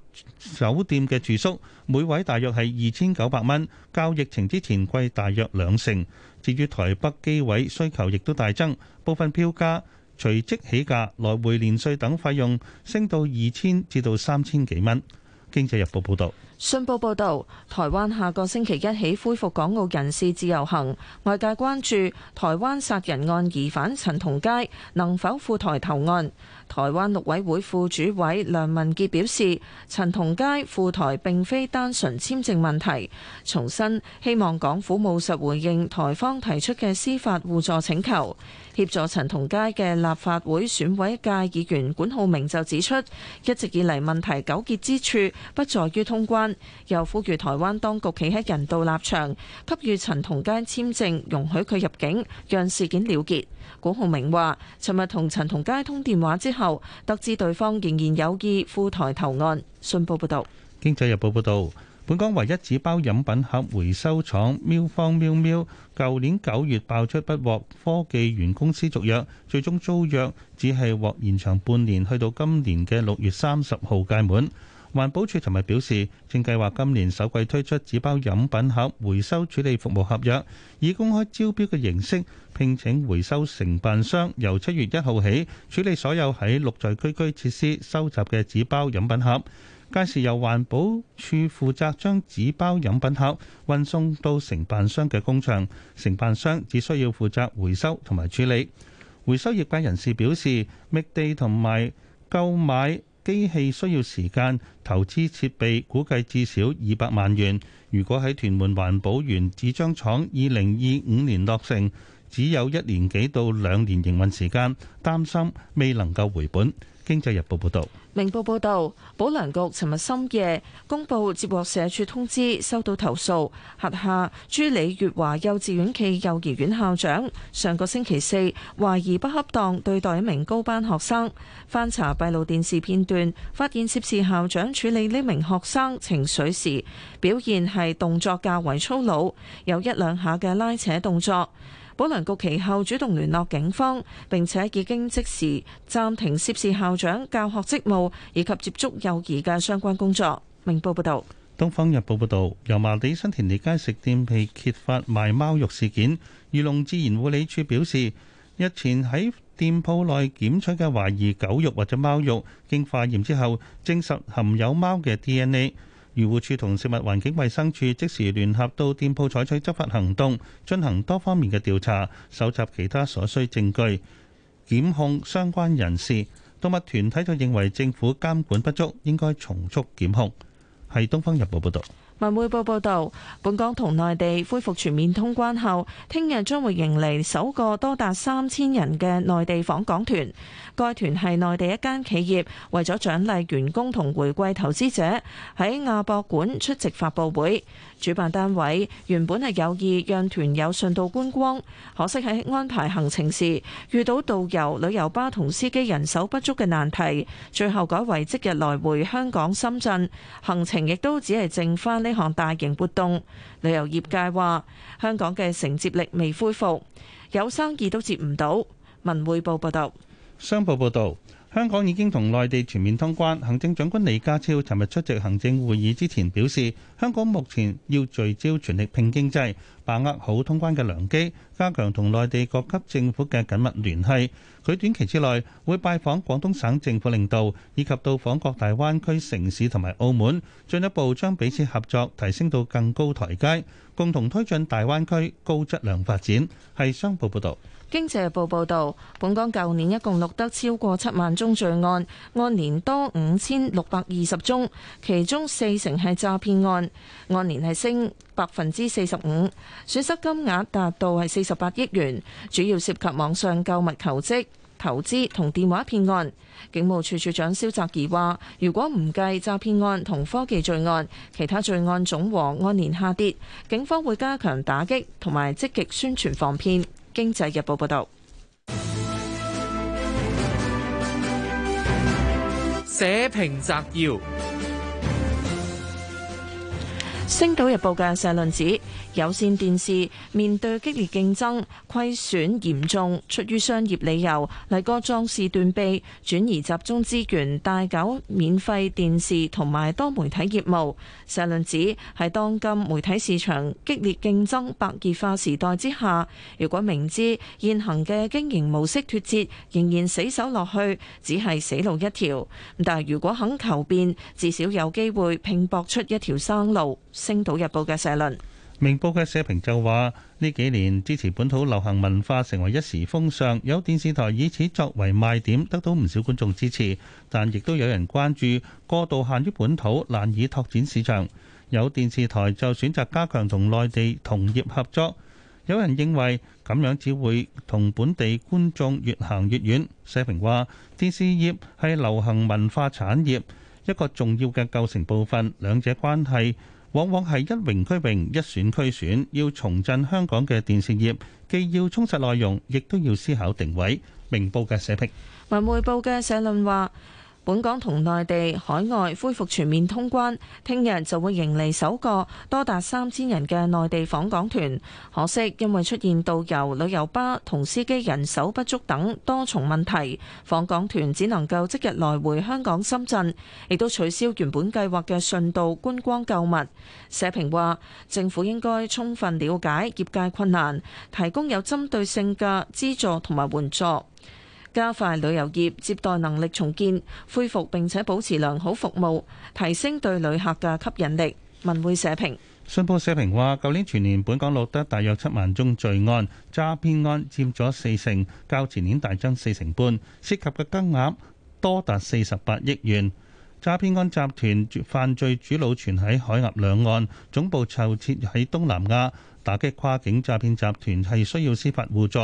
酒店嘅住宿，每位大約係二千九百蚊，較疫情之前貴大約兩成。至於台北機位需求亦都大增，部分票價隨即起價，來回連稅等費用升到二千至到三千幾蚊。經濟日報報道。信報報導，台灣下個星期一起恢復港澳人士自由行。外界關注台灣殺人案疑犯陳同佳能否赴台投案。台灣陸委會副主委梁文傑表示，陳同佳赴台並非單純簽證問題，重申希望港府務實回應台方提出嘅司法互助請求，協助陳同佳嘅立法會選委界議員管浩明就指出，一直以嚟問題糾結之處不在於通關，又呼籲台灣當局企喺人道立場，給予陳同佳簽證，容許佢入境，讓事件了結。古浩明話，尋日同陳同佳通電話之後，得知對方仍然有意赴台投案。信報報道，《經濟日報》報道，本港唯一紙包飲品盒回收廠喵方喵喵，舊年九月爆出不獲科技園公司續約，最終租約只係獲延長半年，去到今年嘅六月三十號屆滿。環保署琴日表示，正計劃今年首季推出紙包飲品盒回收處理服務合約，以公開招標嘅形式聘請回收承辦商，由七月一號起處理所有喺綠在區區設施收集嘅紙包飲品盒。屆時由環保署負責將紙包飲品盒運送到承辦商嘅工場，承辦商只需要負責回收同埋處理。回收業界人士表示，覓地同埋購買機器需要時間，投資設備，估計至少二百萬元。如果喺屯門環保園紙張廠，二零二五年落成，只有一年幾到兩年營運時間，擔心未能夠回本。經濟日報報道，明報報道，保良局尋日深夜公布接獲社署通知，收到投訴，轄下朱李月華幼稚園暨幼兒園校長上個星期四懷疑不恰當對待一名高班學生，翻查閉路電視片段，發現涉事校長處理呢名學生情緒時，表現係動作較為粗魯，有一兩下嘅拉扯動作。保良局其後主動聯絡警方，並且已經即時暫停涉事校長教學職務以及接觸幼兒嘅相關工作。明報報道，《東方日報》報道，油麻地新填地街食店被揭發賣貓肉事件，漁農自然護理署表示，日前喺店鋪內檢取嘅懷疑狗肉或者貓肉，經化驗之後，證實含有貓嘅 DNA。漁護署同食物環境衛生署即時聯合到店鋪採取執法行動，進行多方面嘅調查，搜集其他所需證據，檢控相關人士。動物團體就認為政府監管不足，應該從速檢控。係東方日報報道。文匯報報道，本港同內地恢復全面通關後，聽日將會迎嚟首個多達三千人嘅內地訪港團。該團係內地一間企業，為咗獎勵員工同回饋投資者，喺亞博館出席發布會。主辦單位原本係有意讓團友順道觀光，可惜喺安排行程時遇到導遊、旅遊巴同司機人手不足嘅難題，最後改為即日來回香港深圳，行程亦都只係剩翻呢項大型活動。旅遊業界話，香港嘅承接力未恢復，有生意都接唔到。文匯報報道，商報報道。香港已經同內地全面通關，行政長官李家超尋日出席行政會議之前表示，香港目前要聚焦全力拼經濟，把握好通關嘅良機，加強同內地各級政府嘅緊密聯繫。佢短期之內會拜訪廣東省政府領導，以及到訪各大灣區城市同埋澳門，進一步將彼此合作提升到更高台階，共同推進大灣區高質量發展。係商報報導。經濟日報報導，本港舊年一共錄得超過七萬宗罪案，按年多五千六百二十宗，其中四成係詐騙案，按年係升百分之四十五，損失金額達到係四十八億元，主要涉及網上購物、求職、投資同電話騙案。警務處處長蕭澤頤話，如果唔計詐騙案同科技罪案，其他罪案總和按年下跌，警方會加強打擊同埋積極宣傳防騙。經濟日報報道，社評摘要。《星島日報》嘅社論指有線電視面對激烈競爭，虧損嚴重，出於商業理由嚟個壯士斷臂，轉移集中資源，大搞免費電視同埋多媒體業務。社論指喺當今媒體市場激烈競爭、白熱化時代之下，如果明知現行嘅經營模式脫節，仍然死守落去，只係死路一條。但係如果肯求變，至少有機會拼搏出一條生路。《星島日報》嘅社論，《明報》嘅社評就話：呢幾年支持本土流行文化成為一時風尚，有電視台以此作為賣點，得到唔少觀眾支持。但亦都有人關注過度限於本土，難以拓展市場。有電視台就選擇加強同內地同業合作。有人認為咁樣只會同本地觀眾越行越遠。社評話：電視業係流行文化產業一個重要嘅構成部分，兩者關係，往往係一榮俱榮，一損俱損。要重振香港嘅電視業，既要充實內容，亦都要思考定位。明報嘅社評。文匯報嘅社論話。本港同內地、海外恢復全面通關，聽日就會迎嚟首個多達三千人嘅內地訪港團。可惜因為出現導遊、旅遊巴同司機人手不足等多重問題，訪港團只能夠即日來回香港深圳，亦都取消原本計劃嘅順道觀光購物。社評話：政府應該充分了解業界困難，提供有針對性嘅資助同埋援助。加快旅遊業接待能力重建，恢復並且保持良好服務，提升對旅客嘅吸引力。文匯社評。信報社評話，舊年全年本港錄得大約七萬宗罪案，詐騙案佔咗四成，較前年大增四成半，涉及嘅金額多達四十八億元。詐騙案集團犯罪主腦存喺海峽兩岸，總部籌設喺東南亞，打擊跨境詐騙集團係需要司法互助。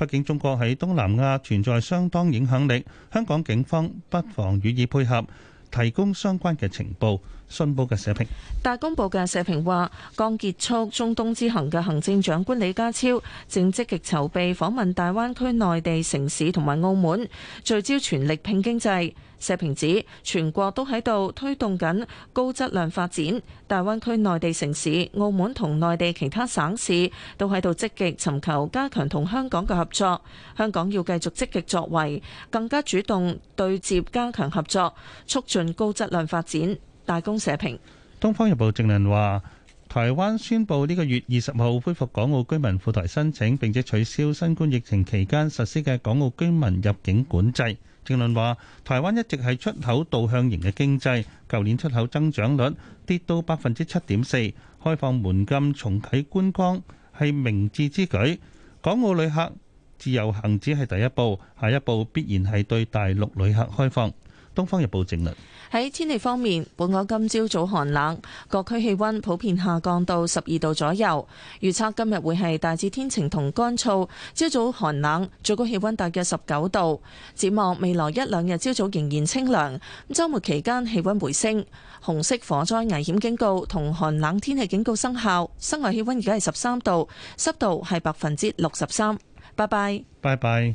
畢竟中國喺東南亞存在相當影響力，香港警方不妨予以配合，提供相關嘅情報。信報嘅社評，大公報嘅社評話，剛結束中東之行嘅行政長官李家超正積極籌備訪問大灣區內地城市同埋澳門，聚焦全力拼經濟。社評指全國都喺度推動緊高質量發展，大灣區內地城市、澳門同內地其他省市都喺度積極尋求加強同香港嘅合作。香港要繼續積極作為，更加主動對接，加強合作，促進高質量發展。大公社評，《東方日報》正論話：台灣宣布呢個月二十號恢復港澳居民赴台申請，並且取消新冠疫情期間實施嘅港澳居民入境管制。正論話：台灣一直係出口導向型嘅經濟，舊年出口增長率跌到百分之七點四，開放門禁、重啟觀光係明智之舉。港澳旅客自由行只係第一步，下一步必然係對大陸旅客開放。《東方日報》整理。喺天氣方面，本港今朝早寒冷，各區氣溫普遍下降到十二度左右。預測今日會係大致天晴同乾燥，朝早寒冷，最高氣溫大約十九度。展望未來一兩日，朝早仍然清涼。咁周末期間氣溫回升。紅色火災危險警告同寒冷天氣警告生效。室外氣溫而家係十三度，濕度係百分之六十三。拜拜。拜拜。